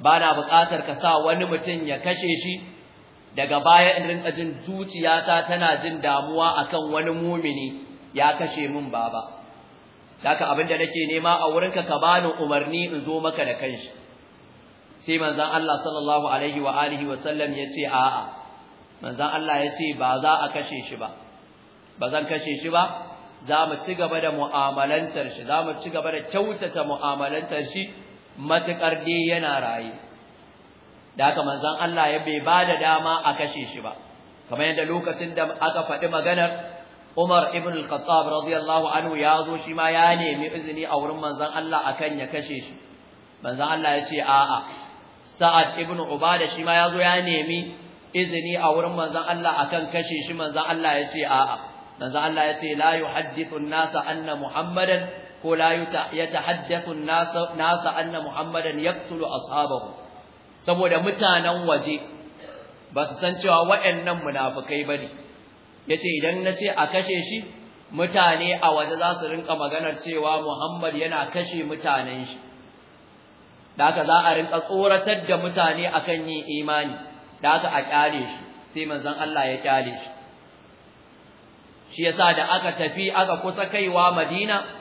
ba na buƙatar ka sa wani mutum ya kashe shi daga baya in rinka jin zuciyata tana jin damuwa akan wani mumini ya kashe min baba haka abin da nake nema a wurinka ka bani umarni in zo maka da kanshi sai manzon Allah sallallahu alaihi wa alihi wa sallam yace a'a manzon Allah yace ba za a kashe shi ba ba zan kashe shi ba za mu ci gaba da mu'amalantar shi za mu ci gaba da kyautata mu'amalantar shi matukar dai yana raye da haka manzon Allah ya bai da dama a kashe shi ba kamar yadda lokacin da aka faɗi maganar Umar ibn al-Khattab radiyallahu anhu ya zo shi ma ya nemi izini a wurin manzon Allah akan ya kashe shi manzon Allah ya ce a'a Sa'ad ibn Ubada shi ma ya zo ya nemi izini a wurin manzon Allah akan kashe shi manzon Allah ya ce a'a manzon Allah ya ce la yuhaddithu an-nasa anna Muhammadan ko la ya an-nasa nasa anna muhammadan yaqtulu ashabahu saboda mutanen waje ba su san cewa waɗannan munafikai bane yace idan na ce a kashe shi mutane a waje za su rinka maganar cewa muhammad yana kashe mutanen shi da za a rinka tsoratar da mutane akan yin imani da a kyale shi sai manzon Allah ya kyale shi shi yasa da aka tafi aka kusa kaiwa madina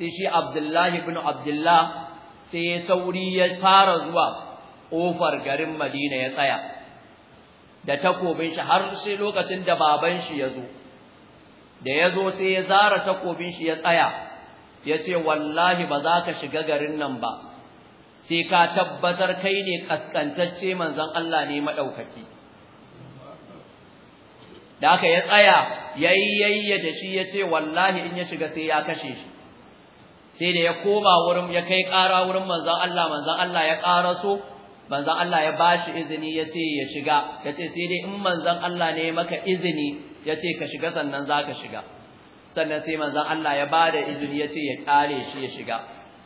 sai shi Abdullahi ibn Abdullah sai ya sauri ya fara zuwa kofar garin Madina ya tsaya da takobin shi har sai lokacin da baban shi ya zo da ya zo sai ya zara takobin shi ya tsaya ya ce wallahi ba za ka shiga garin nan ba sai ka tabbatar kai ne kaskantacce manzon Allah ne madaukaki da aka ya tsaya yayyayya da shi ya ce wallahi in ya shiga sai ya kashe shi sai da ya koma wurin ya kai ƙara wurin manzan Allah manzan Allah ya ƙaraso manzan Allah ya bashi izini ya ce ya shiga ya ce sai dai in manzan Allah ne maka izini ya ce ka shiga sannan za ka shiga sannan sai manzan Allah ya bada izini ya ce ya ƙare shi ya shiga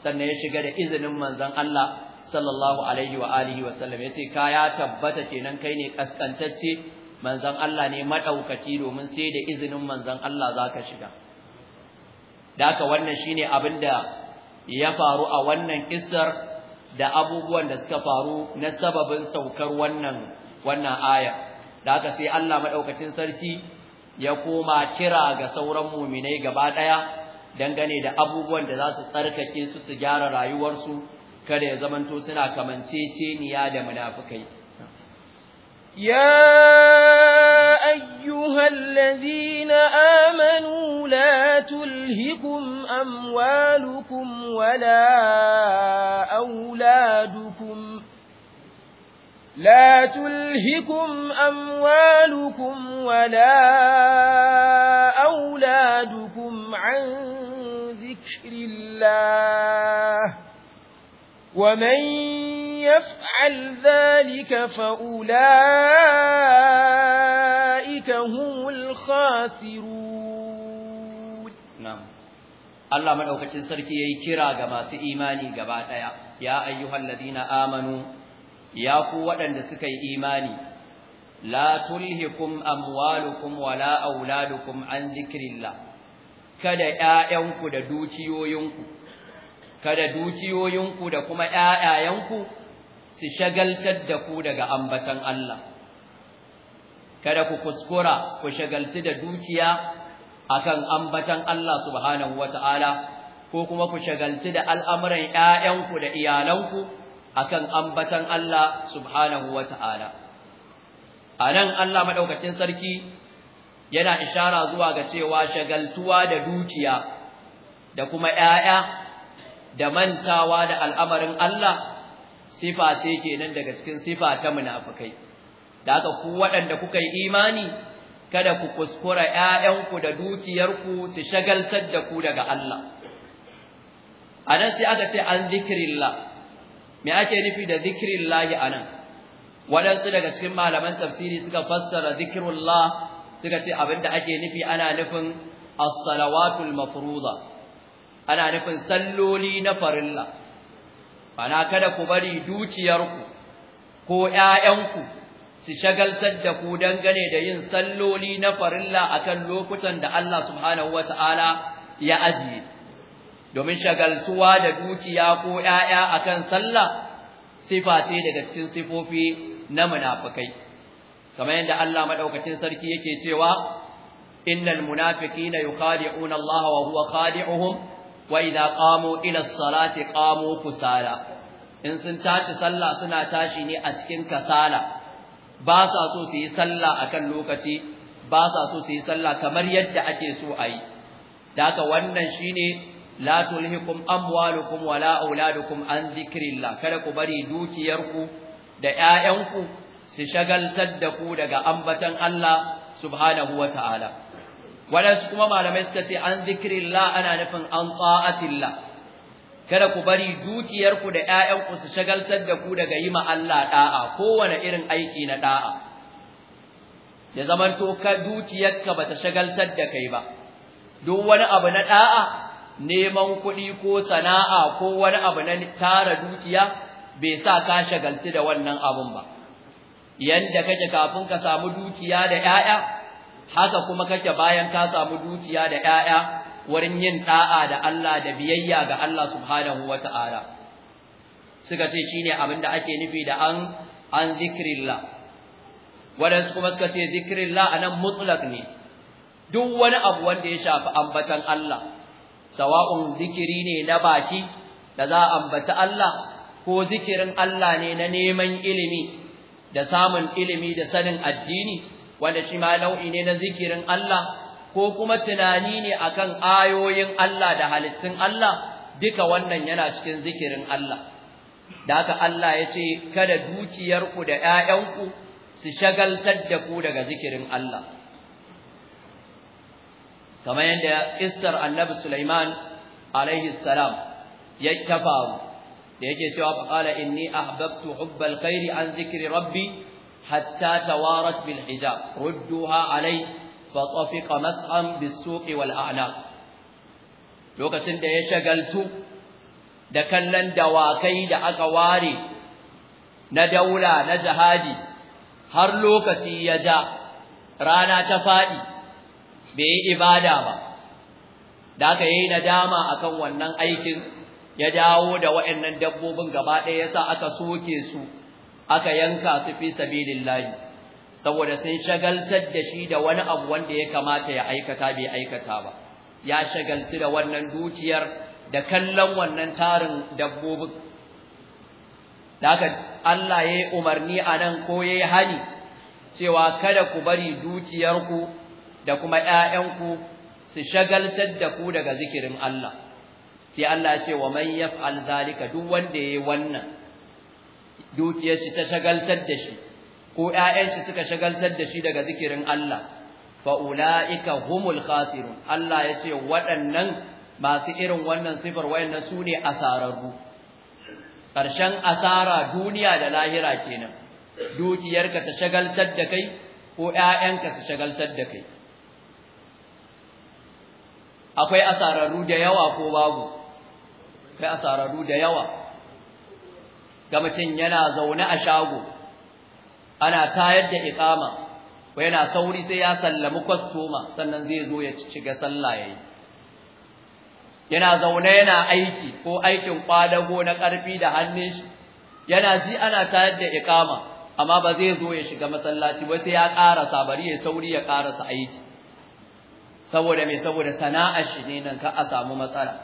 sannan ya shiga da izinin manzan Allah sallallahu alaihi wa alihi wa sallam ya ce ka ya tabbata kenan kai ne kaskantacce manzan Allah ne madaukaki domin sai da izinin manzan Allah za ka shiga da haka wannan shine abin da ya faru a wannan kisar da abubuwan da suka faru na sababin saukar wannan wannan aya da haka sai Allah madaukakin sarki ya koma kira ga sauran mu'minai gaba daya dangane da abubuwan da za su tsarkake su su gyara rayuwarsu kada ya zamanto suna kamanceceniya da munafukai يا أيها الذين آمنوا لا تلهكم أموالكم ولا أولادكم لا تلهكم أموالكم ولا أولادكم عن ذكر الله ومن يفعل ذلك فأولئك هم الخاسرون نعم الله من أوكتن سركي يكرا كما سيماني قبات يا أيها الذين آمنوا يا قوة لسكي إيماني لا تلهكم أموالكم ولا أولادكم عن ذكر الله kada ‘ya'yanku da dukiyoyinku kada dukiyoyinku da kuma ƴaƴayenku su shagaltar da ku daga ambatan Allah kada ku kuskura ku shagalti da dukiya kan ambatan Allah subhanahu wataala ko kuma ku shagalti da al'amuran 'ya'yanku da iyalanku akan ambatan Allah subhanahu wataala anan Allah Maɗaukacin sarki yana ishara zuwa ga cewa shagaltuwa da dukiya da kuma 'ya'ya. da mantawa da al'amarin Allah sifa ce kenan daga cikin sifa ta munafikai da haka ku waɗanda kuka yi imani kada ku kuskura ƴaƴanku da dukiyarku su shagaltar da ku daga Allah anan sai aka ce an zikrillah me ake nufi da zikrillah anan waɗansu daga cikin malaman tafsiri suka fassara zikrullah suka ce abinda ake nufi ana nufin as-salawatul mafruḍah ana nufin salloli na farilla bana kada ku bari dukiyarku ko ƴaƴanku su shagaltar da ku dangane da yin salloli na farilla akan lokutan da Allah subhanahu wataala ya ajiye domin shagaltuwa da dukiya ko ƴaƴa akan sallah sifa ce daga cikin sifofi na munafikai kamar yadda Allah madaukakin sarki yake cewa innal munafiqina yukhadi'una Allah wa huwa khadi'uhum wa idza qamu ila salati qamu kusala in sun tashi sallah suna tashi ne a cikin kasala ba sa so su yi sallah akan lokaci ba sa so su yi sallah kamar yadda ake so a yi daga wannan shine la tulhikum amwalukum wala auladukum an dhikrillah kada ku bari dukiyarku da 'ya'yanku su shagaltar da ku daga ambatan Allah subhanahu wataala waɗansu kuma malamai suka ce an zikirillah ana nufin an ta'atillah kada ku bari dukiyarku da ƴaƴanku su shagaltar da ku daga yi ma Allah da'a kowane irin aiki na da'a ya zamanto ka dukiyarka bata shagaltar da kai ba duk wani abu na da'a neman kuɗi ko sana'a ko wani abu na tara dukiya bai sa ka shagalci da wannan abun ba yanda kake kafin ka samu dukiya da ƴaƴa haka kuma kake bayan ka samu dukiya da ƴaƴa wurin yin da'a da Allah da biyayya ga Allah subhanahu wata'ala suka ce shine abin da ake nufi da an an zikrillah wadansu kuma suka ce zikrillah anan mutlak ne duk wani abu wanda ya shafi ambatan Allah sawa'un zikiri ne na baki da za a ambata Allah ko zikirin Allah ne na neman ilimi da samun ilimi da sanin addini wanda shi ma nau'i ne na zikirin Allah ko kuma tunani ne akan ayoyin Allah da halittun Allah duka wannan yana cikin zikirin Allah da haka Allah ya ce kada dukiyarku da ‘ya'yanku su shagaltar da ku daga zikirin Allah kamar yadda isar annabi Sulaiman alaihi salam ya kafa da yake cewa faƙala inni ahbabtu hubbal khairi an zikri rabbi حتى توارت بالحجاب ردوها عليه فطفق مسحا بالسوق والأعناق lokacin da ya shagaltu da kallon dawakai da aka ware na daula na jihadi har lokaci ya ja rana ta faɗi bai yi ibada ba da aka yi nadama akan wannan aikin ya dawo da waɗannan dabbobin gaba ɗaya yasa aka soke su aka yanka su fi sabilillahi saboda sun shagaltar da shi da wani abu wanda ya kamata ya aikata bai aikata ba ya shagaltu da wannan dukiyar da kallon wannan tarin dabbobin da aka, Allah ya yi umarni a nan ko ya yi hani cewa kada ku bari dukiyarku da kuma ‘ya'yanku su shagaltar da ku daga zikirin Allah sai Allah ce wa man yaf'al zalika duk wanda ya yi wannan dukiyar shi ta shagaltar da shi ko ƴaƴan shi suka shagaltar da shi daga zikirin Allah fa ulaika humul khasirun Allah ya yace waɗannan masu irin wannan sifar wayannan su ne asararru ƙarshen asara duniya da lahira kenan dukiyarka ta shagaltar da kai ko ƴaƴanka su shagaltar da kai akwai asararru da yawa ko babu kai asararru da yawa ga mutun yana zaune a shago ana tayar da iqama ko yana sauri sai ya sallami kwastoma sannan zai zo ya shiga sallah yayi yana zaune yana aiki ko aikin kwadago na karfi da hannun shi yana ji ana tayar da iqama amma ba zai zo ya shiga masallaci ba sai ya karasa bari ya sauri ya karasa aiki saboda me saboda sana'ar shi ne nan ka a samu matsala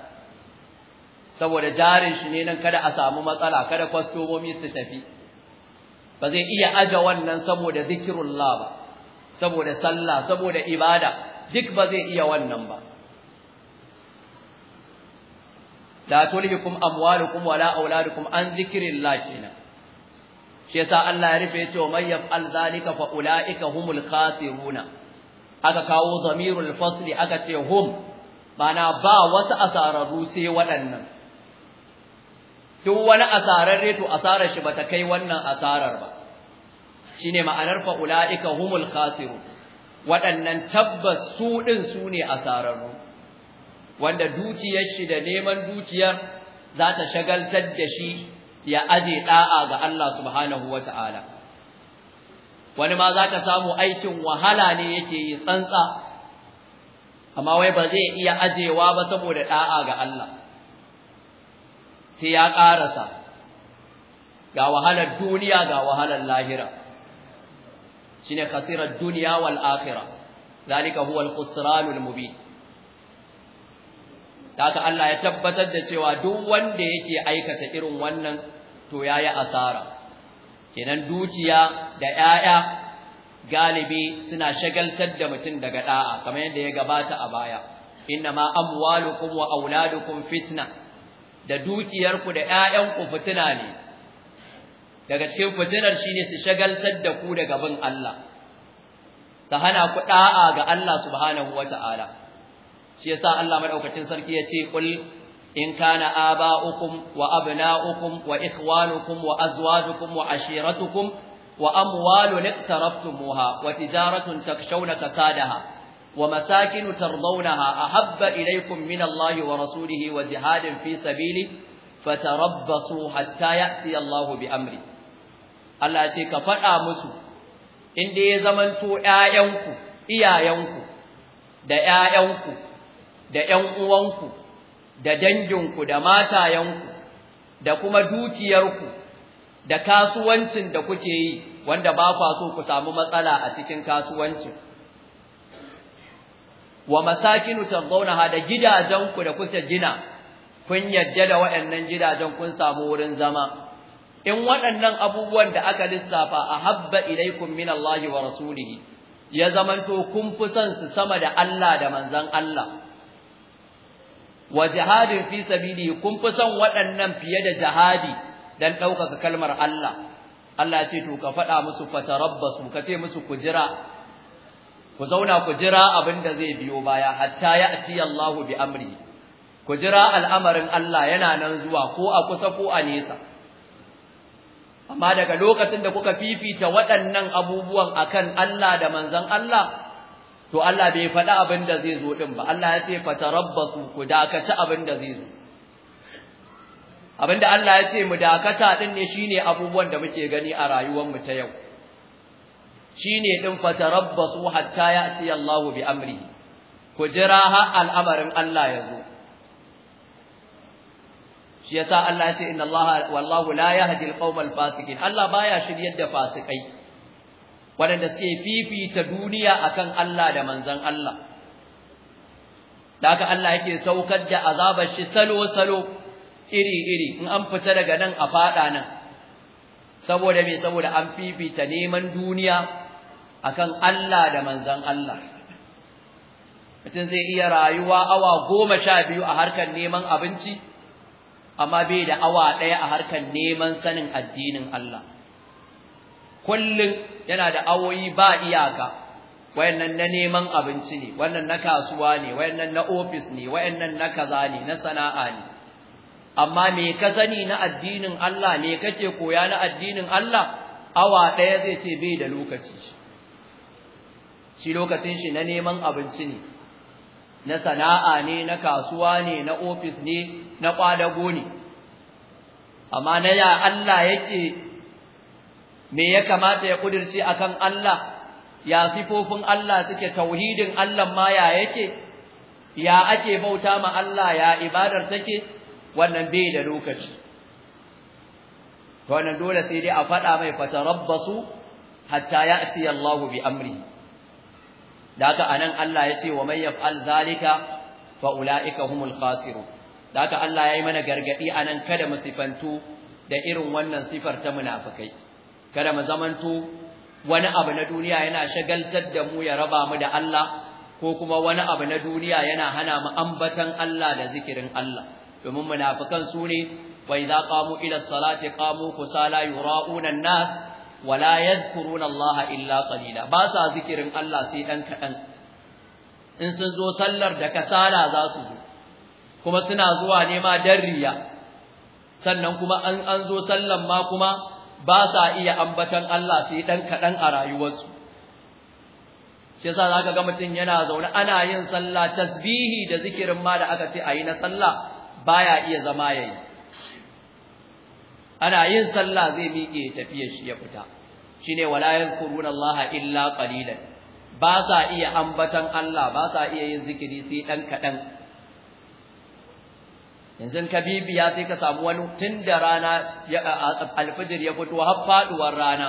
saboda jarin shi ne nan kada a samu matsala kada kwastomomi su tafi ba zai iya aje wannan saboda zikirullah ba saboda sallah saboda ibada duk ba zai iya wannan ba la tulhikum amwalukum wala auladukum an zikrillah kenan shi yasa Allah ya rufe ya ce man yaf'al zalika fa ulaika humul khasiruna aka kawo zamirul fasli aka ce hum bana ba wasu asararru sai waɗannan duk wani asararre to asarar shi bata kai wannan asarar ba shine ma'anar fa ulaika humul khasirun waɗannan tabbas su din su ne asararru wanda dukiyar shi da neman dukiyar za ta shagaltar da shi ya aje da'a ga Allah subhanahu wata'ala wani ma za ka samu aikin wahala ne yake yi tsantsa amma wai ba zai iya ajewa ba saboda da'a ga Allah sai ya ƙarasa ga wahalar duniya ga wahalar lahira shine kasirar duniya wal akhirah zalika huwa al khusranul mubin haka Allah ya tabbatar da cewa duk wanda yake aikata irin wannan to yayi asara kenan dukiya da 'ya'ya galibi suna shagaltar da mutum daga ɗa'a kamar yadda ya gabata a baya inna ma amwalukum wa auladukum fitna da dukiyarku da ‘ya'yanku fitina ne, daga cikin fitinar shine su shagaltar da ku daga bin Allah, su hana ku ɗa'a ga Allah subhanahu wata'ala ta'ala. Shi ya Allah maɗaukacin sarki yace ce, in kana aba'ukum wa abna'ukum wa ikhwanukum wa azwajukum wa ashiratukum wa amwalun niqtaraftumuha wa tijaratun takshawna kasadaha Wa ومساكن ترضونها أحب إليكم من الله ورسوله وجهاد في سبيله hattaya, حتى يأتي Amri. بأمري الله يقول كفتا مسو إن ya زمنتو 'ya'yanku, iyayenku, da 'ya'yanku, da 'yan uwanku da danginku da matayanku da kuma dukiyarku da kasuwancin da kuke yi wanda ba kwa so ku samu matsala a cikin kasuwancin wa masakinu tardawnaha da gidajen ku da kuka gina kun yadda da waɗannan gidajen kun samu wurin zama in waɗannan abubuwan da aka lissafa ahabba ilaikum minallahi wa rasulihi ya zamanto kun fi son su sama da Allah da manzon Allah wa jihadin fi sabili kun fi son waɗannan fiye da jihadi dan ɗaukaka kalmar Allah Allah ce to ka faɗa musu fatarabbasu ka ce musu ku jira ku zauna ku jira abin da zai biyo baya hatta ya ati Allahu bi amri ku jira al'amarin Allah yana nan zuwa ko a kusa ko a nesa amma daga lokacin da kuka fifita waɗannan abubuwan akan Allah da manzon Allah to Allah bai faɗa abin da zai zo din ba Allah ya ce fatarabbasu ku dakaci abin da zai zo abin da Allah ya ce mu dakata din ne shine abubuwan da muke gani a rayuwar mu ta yau shine din fatarabbasu hatta ya'ti Allahu bi amrihi ku jira ha al'amarin Allah ya zo shi yasa Allah ya ce inna Allah wallahu la yahdi al-qawmal Allah baya shiryar da fasikai waɗanda suke fifita duniya akan Allah da manzon Allah da Allah yake saukar da azabar shi salo-salo iri-iri in an fita daga nan a fada nan saboda me saboda an fifita neman duniya akan Allah da manzan Allah mutum zai iya rayuwa awa goma sha biyu a harkar neman abinci amma bai da awa ɗaya a harkar neman sanin addinin Allah kullum yana da awoyi ba iyaka wayannan na neman abinci ne wannan na kasuwa ne wayannan na ofis ne wayannan na kaza ne na sana'a ne amma me ka sani na addinin Allah me kake koya na addinin Allah awa ɗaya zai ce bai da lokaci shi lokacin shi na neman abinci ne na sana'a ne na kasuwa ne na ofis ne na kwadago ne amma na ya Allah yake me ya kamata ya a kan Allah ya sifofin Allah suke tauhidin Allah ma ya yake ya ake bauta ma Allah ya ibadar take wannan bai da lokaci wannan dole sai dai a faɗa mai fatarabbasu hatta ya'ti Allahu bi amrihi da haka anan Allah ya ce wa may yaf'al zalika fa humul khasirun da haka Allah ya yi mana gargadi anan kada mu sifantu da irin wannan sifar ta munafukai. kada mu zamanto wani abu na duniya yana shagaltar da mu ya raba mu da Allah ko kuma wani abu na duniya yana hana mu ambatan Allah da zikirin Allah domin munafikan su ne wa idza qamu ila salati qamu kusala yura'una an-nas wala yadhkuruna Allah illa qalila ba sa zikirin Allah sai dan kadan in sun zo sallar da kasala za su zo kuma suna zuwa nema ma sannan kuma an an zo sallan ma kuma ba sa iya ambatan Allah sai dan kadan a rayuwarsu shi yasa zaka ga mutum yana zaune ana yin sallah tasbihi da zikirin ma da aka ce ayi na sallah baya iya zama yayi ana yin sallah zai miƙe tafiya shi ya fita shine wala yazkuruna Allah illa ƙalilan. ba sa iya ambatan Allah ba sa iya yin zikiri sai dan kaɗan. yanzu ka bibiya sai ka samu wani tun da rana alfijir ya fito har faduwar rana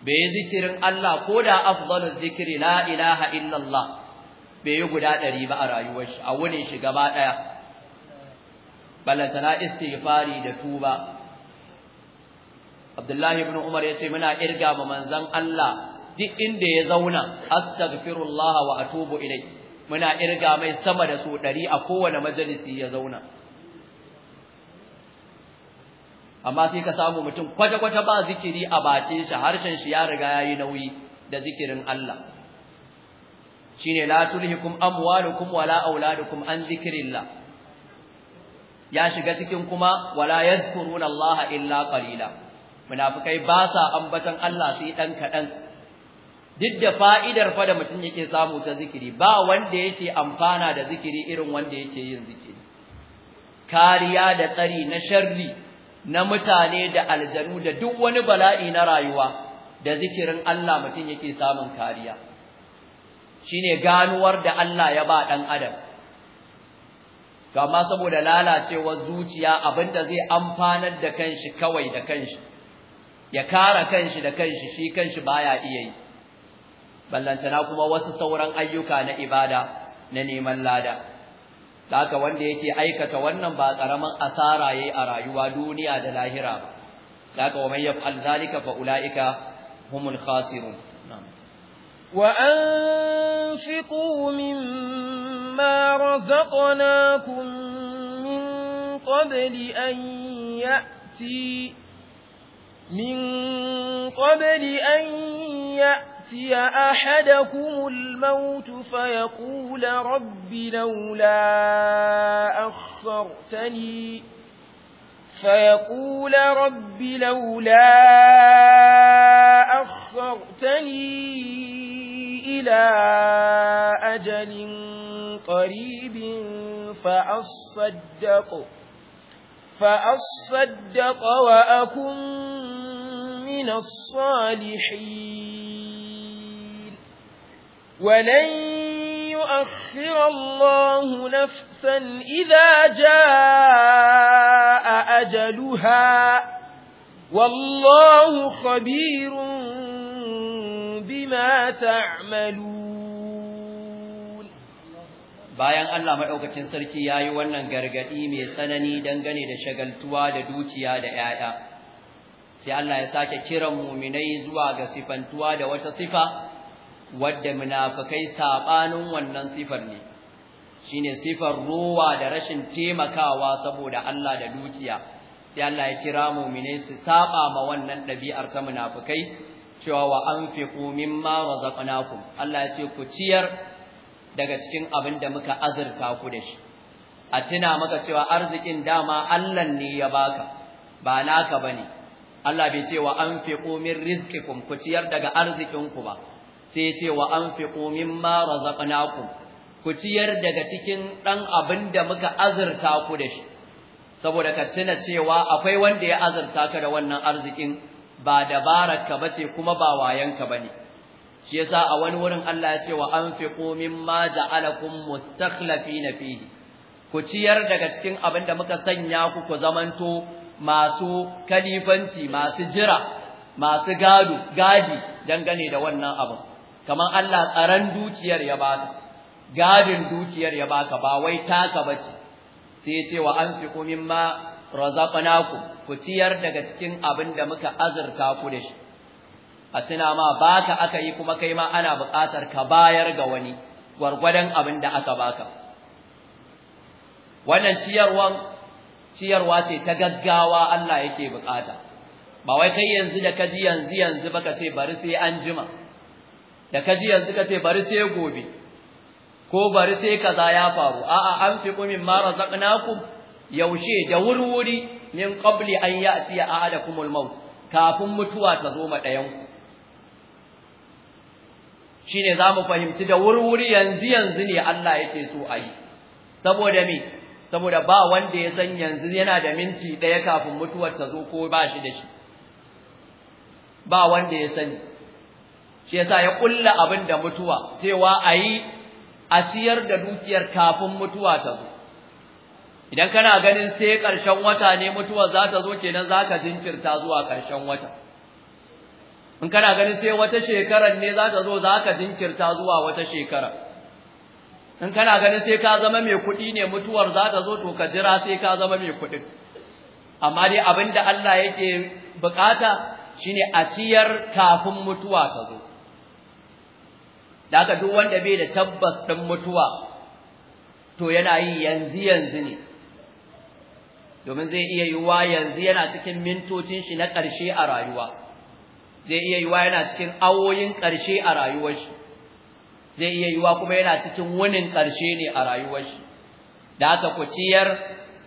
bai yi zikirin Allah ko da afdalul zikiri la ilaha illallah bai yi guda ɗari ba a rayuwar shi a wurin shi gaba ɗaya ballantana istighfari da tuba Abdullahi ibn Umar ya ce muna irga ma manzon Allah duk inda ya zauna astaghfirullah wa atubu ilai muna irga mai sama da su ɗari a kowane majalisi ya zauna amma sai ka samu mutum kwata-kwata ba zikiri a bakin shi harshen shi ya riga yayi nauyi da zikirin Allah shine la tulhikum amwalukum wala auladukum an zikrillah ya shiga cikin kuma wala yadhkuruna Allah illa qalila munafikai ba sa ambaton Allah sai dan kadan duk da fa'idar fa da mutum yake samu ta zikiri ba wanda yake amfana da zikiri irin wanda yake yin zikiri kariya da tsari na sharri na mutane da aljanu da duk wani bala'i na rayuwa da zikirin Allah mutum yake samun kariya shine ganuwar da Allah ya ba dan adam Kama saboda lalacewar zuciya abinda zai amfanar da kanshi kawai da kanshi ya kara kanshi da kanshi shi kanshi baya iya yi ballantana kuma wasu sauran ayyuka na ibada na neman lada haka wanda yake aikata wannan ba karaman asara yayi a rayuwa duniya da lahira ba haka wa man yaf'al zalika fa ulaika humul khasirun wa anfiqu mimma razaqnakum min qabli an ya'ti من قبل أن يأتي أحدكم الموت فيقول رب لولا أخرتني فيقول رب لولا أخرتني إلى أجل قريب فأصدق فأصدق وأكن من الصالحين ولن يؤخر الله نفسا إذا جاء أجلها والله خبير بما تعملون bayan Allah maɗaukacin sarki ya yi wannan gargaɗi mai tsanani dangane da shagaltuwa da dukiya da 'ya'ya, sai Allah ya sake kiran mu'minai zuwa ga sifantuwa da wata sifa wadda munafukai saɓanin wannan sifar ne Shi ne sifar ruwa da rashin taimakawa saboda Allah da dukiya sai Allah ya kira mu'minai su saɓa ma wannan ɗabi'ar ta munafukai cewa wa anfiqu mimma razaqnakum Allah ya ce ku ciyar daga cikin abin da muka azurta ku da shi a tuna maka cewa arzikin dama Allah ne ya baka ba naka bane Allah bai ce wa anfiqu min rizqikum ku ciyar daga arzikinku ba sai ya ce wa anfiqu mimma razaqnakum ku ciyar daga cikin dan abin da muka azurta ku da shi saboda ka tuna cewa akwai wanda ya azurta ka da wannan arzikin ba dabarar ka bace kuma ba wayanka bane shi yasa a wani wurin Allah ya ce wa anfiqu mimma ja'alakum mustakhlifina fihi ku ciyar daga cikin abin da muka sanya ku ku zamanto masu kalifanci masu jira masu gado gadi dangane da wannan abin kamar Allah tsaran dukiyar ya baka gadin dukiyar ya baka ba wai taka bace sai ya ce wa anfiqu mimma razaqnakum ku ciyar daga cikin abin da muka azurta ku da shi a tuna ma ka aka yi kuma kai ma ana buƙatar ka bayar ga wani gwargwadon abin da aka baka wannan ciyarwan ciyarwa ce ta gaggawa Allah yake buƙata ba wai kai yanzu da kaji yanzu yanzu baka ce bari sai an jima da kaji yanzu ka ce bari sai gobe ko bari sai kaza ya faru a'a an fi kumin ma razaqnakum yaushe da wurwuri min qabli an a ahadakumul maut kafin mutuwa ta zo ma ɗayan shine mu fahimci da wurwuri yanzu yanzu ne Allah yake so a yi saboda me saboda ba wanda ya san yanzu yana da minti ɗaya kafin mutuwar ta zo ko ba shi da shi ba wanda ya sani shi yasa ya kulla abin da mutuwa cewa ayi a ciyar da dukiyar kafin mutuwa ta zo idan kana ganin sai ƙarshen wata ne mutuwar za ta zo kenan za ka jinkirta zuwa ƙarshen wata in kana ganin sai wata shekarar ne za ta zo za ka jinkirta zuwa wata shekara in kana gani sai ka zama mai kuɗi ne mutuwar za ta zo to ka jira sai ka zama mai kuɗin amma dai abin da Allah yake bukata shine a ciyar kafin mutuwa ta zo da duk wanda bai da tabbas ɗin mutuwa to yana yi yanzu yanzu ne domin zai iya yiwuwa yanzu yana cikin mintocin shi na ƙarshe a rayuwa zai iya yiwa yana cikin awoyin ƙarshe a rayuwar zai iya yiwa kuma yana cikin wunin ƙarshe ne a rayuwa shi da aka ku ciyar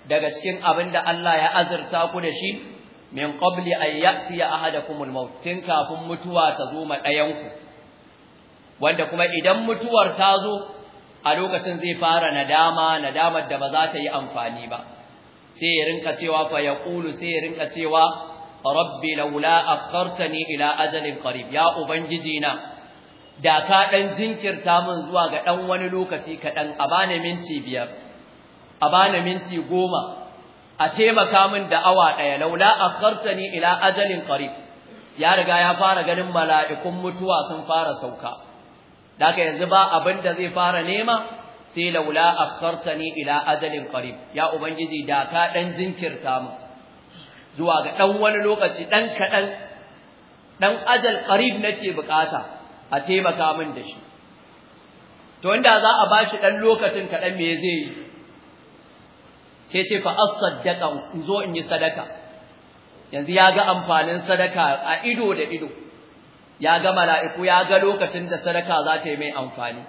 daga cikin abin da Allah ya azurta ku da shi min qabli an ya ahadakumul maut tun kafin mutuwa ta zo ma ɗayan ku wanda kuma idan mutuwar ta zo a lokacin zai fara nadama nadamar da ba za ta yi amfani ba sai ya rinka cewa fa yaqulu sai ya rinka cewa rabbi laula akhartani ila ajalin qarib ya ubangiji na da ka dan jinkirta min zuwa ga dan wani lokaci kaɗan a bani minti biyar a bani minti goma a taimaka min da awa ɗaya laula akhartani ila ajalin qarib ya riga ya fara ganin mala'ikun mutuwa sun fara sauka daga yanzu ba abin da zai fara nema sai laula akhartani ila ajalin qarib ya ubangiji da ka dan jinkirta min zuwa ga ɗan wani lokaci ɗan kaɗan ɗan ajal ƙarib nake buƙata a taimaka min da shi to inda za a ba shi ɗan lokacin kaɗan me zai yi sai ce fa as-saddaqa zo in yi sadaka yanzu ya ga amfanin sadaka a ido da ido ya ga mala'iku ya ga lokacin da sadaka za ta yi mai amfani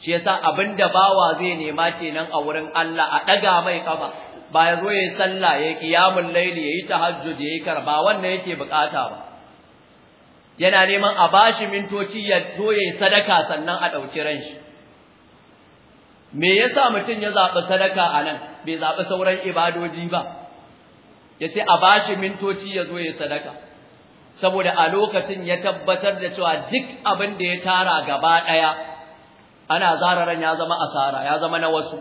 shi abin da bawa zai nema kenan a wurin Allah a ɗaga mai ƙafa. ba ya zo ya yi sallah ya yi yayi qiyamul da yayi tahajjud yayi karba wannan yake bukata ba yana neman a ba shi mintoci ya zo ya yi sadaka sannan a ɗauki ran shi me sa mutum ya zaɓi sadaka a nan bai zaɓi sauran ibadoji ba Ya ce a ba shi mintoci ya zo ya yi sadaka saboda a lokacin ya tabbatar da cewa duk abin da ya tara gaba ɗaya. ana zararen ya zama asara ya zama na wasu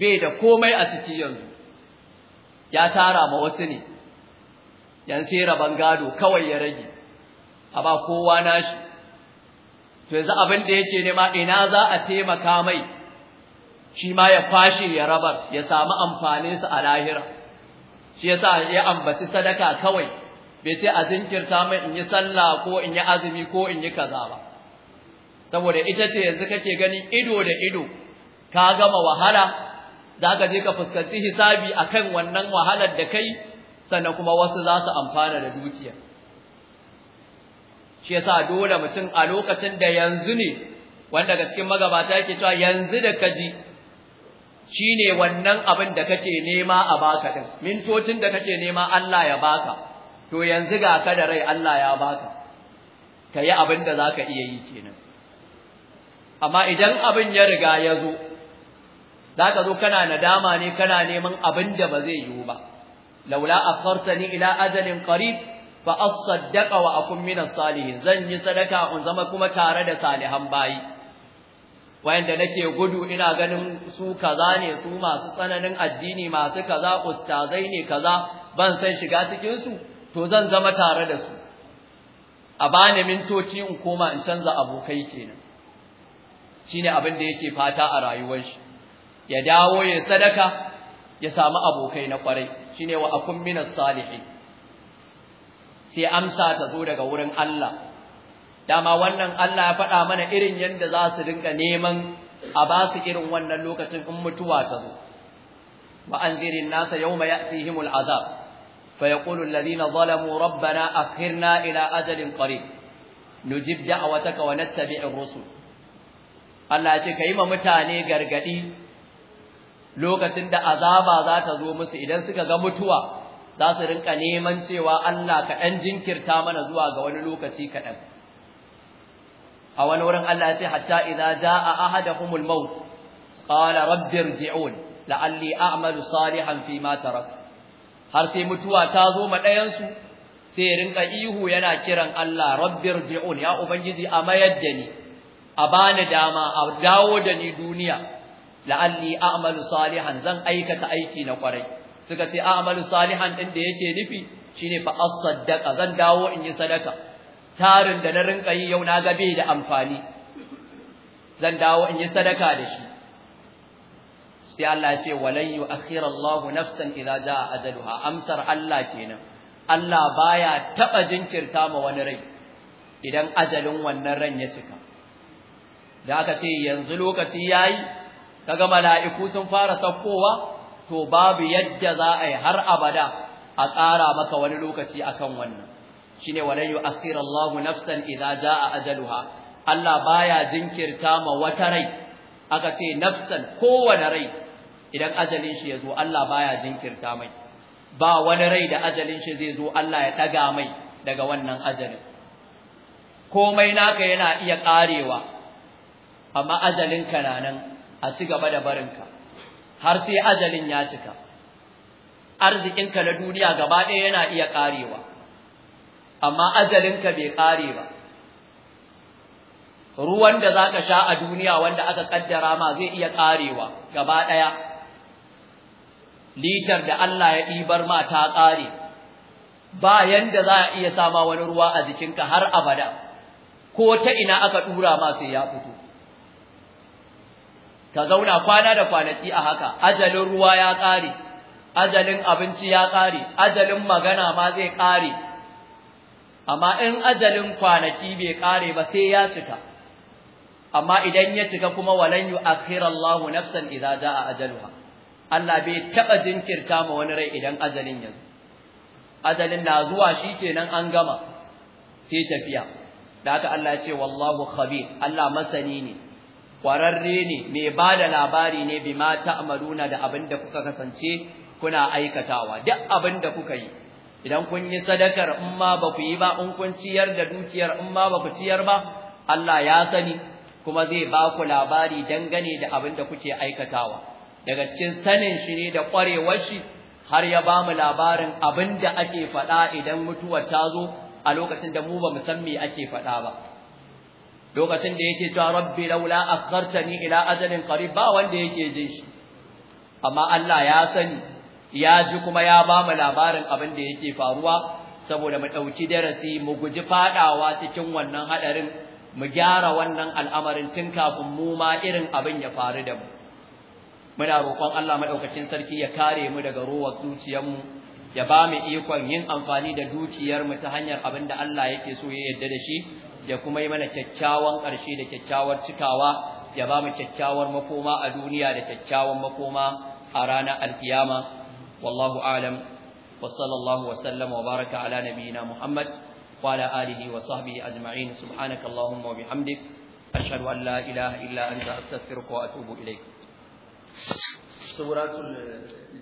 bai da komai a ciki yanzu ya tara ma wasu ne yan sai raban gado kawai ya rage a kowa nashi to yanzu abin da yake nema ina za a taimaka mai shi ma ya fashe ya rabar ya samu amfanin a lahira shi ya yasa ya ambaci sadaka kawai bai ce a zinkirta mai in yi sallah ko in yi azumi ko in yi kaza ba saboda ita ce yanzu kake ganin ido da ido ka gama wahala zaka je ka fuskanci hisabi akan wannan wahalar da kai sannan kuma wasu za su amfana da dukiya shi yasa dole mutum a lokacin da yanzu ne wanda daga cikin magabata yake cewa yanzu da kaji shine wannan abin da kake nema a baka din mintocin da kake nema Allah ya baka to yanzu ga ka da rai Allah ya baka kayi abin da zaka iya yi kenan amma idan abin ya riga ya zo za ka zo kana nadama ne kana neman abin da ba zai yiwu ba laula akhartani ila ajalin qarib fa asaddaqa wa akun min salihin zan yi sadaka in zama kuma tare da salihan bayi wayanda nake gudu ina ganin su kaza ne su masu tsananin addini masu kaza ustazai ne kaza ban san shiga cikin su to zan zama tare da su a bani mintoci in koma in canza abokai kenan shine abin da yake fata a rayuwar shi ya dawo ya sadaka ya samu abokai na kwarai shine wa akun minas salihin sai amsa ta zo daga wurin Allah dama wannan Allah ya faɗa mana irin yanda za su dinga neman a ba su irin wannan lokacin in mutuwa ta zo wa anzirin nasa yawma ya'tihimul azab فيقول الذين ظلموا ربنا أخرنا إلى أجل قريب نجيب دعوتك ونتبع الرسل Allah ce ka yi ma mutane gargadi lokacin da azaba za ta zo musu idan suka ga mutuwa za su rinka neman cewa Allah ka ɗan jinkirta mana zuwa ga wani lokaci kaɗan. A wani wurin Allah ya ce, Hatta aha da humul maut, qala rabbi irji'un la'alli a'malu salihan fi ma Har sai mutuwa ta zo ma ɗayansu, sai rinka ihu yana kiran Allah rabbin ji'un ya ubangiji a mayar da ni, a bani dama, a dawo da ni duniya. la'alli a'malu salihan zan aikata aiki na kwarai suka ce a'malu salihan din da yake nufi shine fa as-saddaqa zan dawo in yi sadaka tarin da na rinka yi yau na ga da amfani zan dawo in yi sadaka da shi sai Allah ya ce walan yu'akhkhira Allahu nafsan idza jaa ajaluha amsar Allah kenan Allah baya taba jinkirta ma wani rai idan ajalin wannan ran ya cika da aka ce yanzu lokaci yayi kaga mala'iku sun fara sakkowa to babu yadda za a yi har abada a ƙara maka wani lokaci akan wannan shine walan Asirallahu nafsan idza jaa ajaluha Allah baya jinkirta ma wata rai aka ce nafsan kowane rai idan ajalin shi yazo Allah baya jinkirta mai ba wani rai da ajalin shi zai zo Allah ya daga mai daga wannan ajalin komai naka yana iya karewa amma ajalin ka nan a ci gaba da barinka har sai ajalin ya cika arzikinka na duniya gaba ɗaya yana iya ƙarewa amma ajalinka bai ƙare ba ruwan da za ka sha a duniya wanda aka kaddara ma zai iya ƙarewa gaba ɗaya litar da Allah ya ɗibar ma ta ƙare ba yanda za a iya sama wani ruwa a jikinka har abada ko ta ina aka ɗura ma sai ya fito ka zauna kwana da kwanaki a haka ajalin ruwa ya ƙare ajalin abinci ya ƙare ajalin magana ma zai ƙare amma in ajalin kwanaki bai ƙare ba sai ya cika amma idan ya cika kuma walan yu akhirallahu nafsan idza jaa ajaluha Allah bai taba jinkirta ma wani rai idan ajalin ya zo. ajalin na zuwa shi shikenan an gama sai tafiya da haka Allah ya ce wallahu khabir Allah masani ne kwararre ne mai ba da labari ne bi ma ta'maluna da abin da kuka kasance kuna aikatawa duk abin da kuka yi idan kun yi sadakar in ma ba ku yi ba in kun ciyar da dukiyar in ma ba ku ciyar ba Allah ya sani kuma zai ba ku labari dangane da abin da kuke aikatawa daga cikin sanin shi ne da kwarewar shi har ya ba mu labarin abin da ake faɗa idan mutuwar ta zo a lokacin da mu ba mu san me ake faɗa ba lokacin da yake cewa rabbi laula akhartani ila ajalin qarib ba wanda yake jin shi amma Allah ya sani ya ji kuma ya ba mu labarin abin da yake faruwa saboda mu dauki darasi mu guji fadawa cikin wannan hadarin mu gyara wannan al'amarin tun kafin mu ma irin abin ya faru da mu muna roƙon Allah madaukakin sarki ya kare mu daga rowar mu, ya ba mu ikon yin amfani da dukiyarmu ta hanyar abin da Allah yake so ya yarda da shi ya kuma yi mana kyakkyawan ƙarshe da kyakkyawar cikawa ya ba mu kyakkyawar makoma a duniya da kyakkyawan makoma a ranar alkiyama wallahu alam wa sallallahu wa sallam wa baraka ala nabiyyina muhammad wa ala alihi wa sahbihi ajma'in subhanaka allahumma wa bihamdik ashhadu an la ilaha illa anta astaghfiruka wa atubu ilaik suratul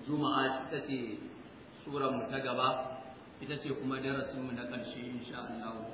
juma'a ita ce surar mu ta gaba ita ce kuma darasin mu na ƙarshe insha Allah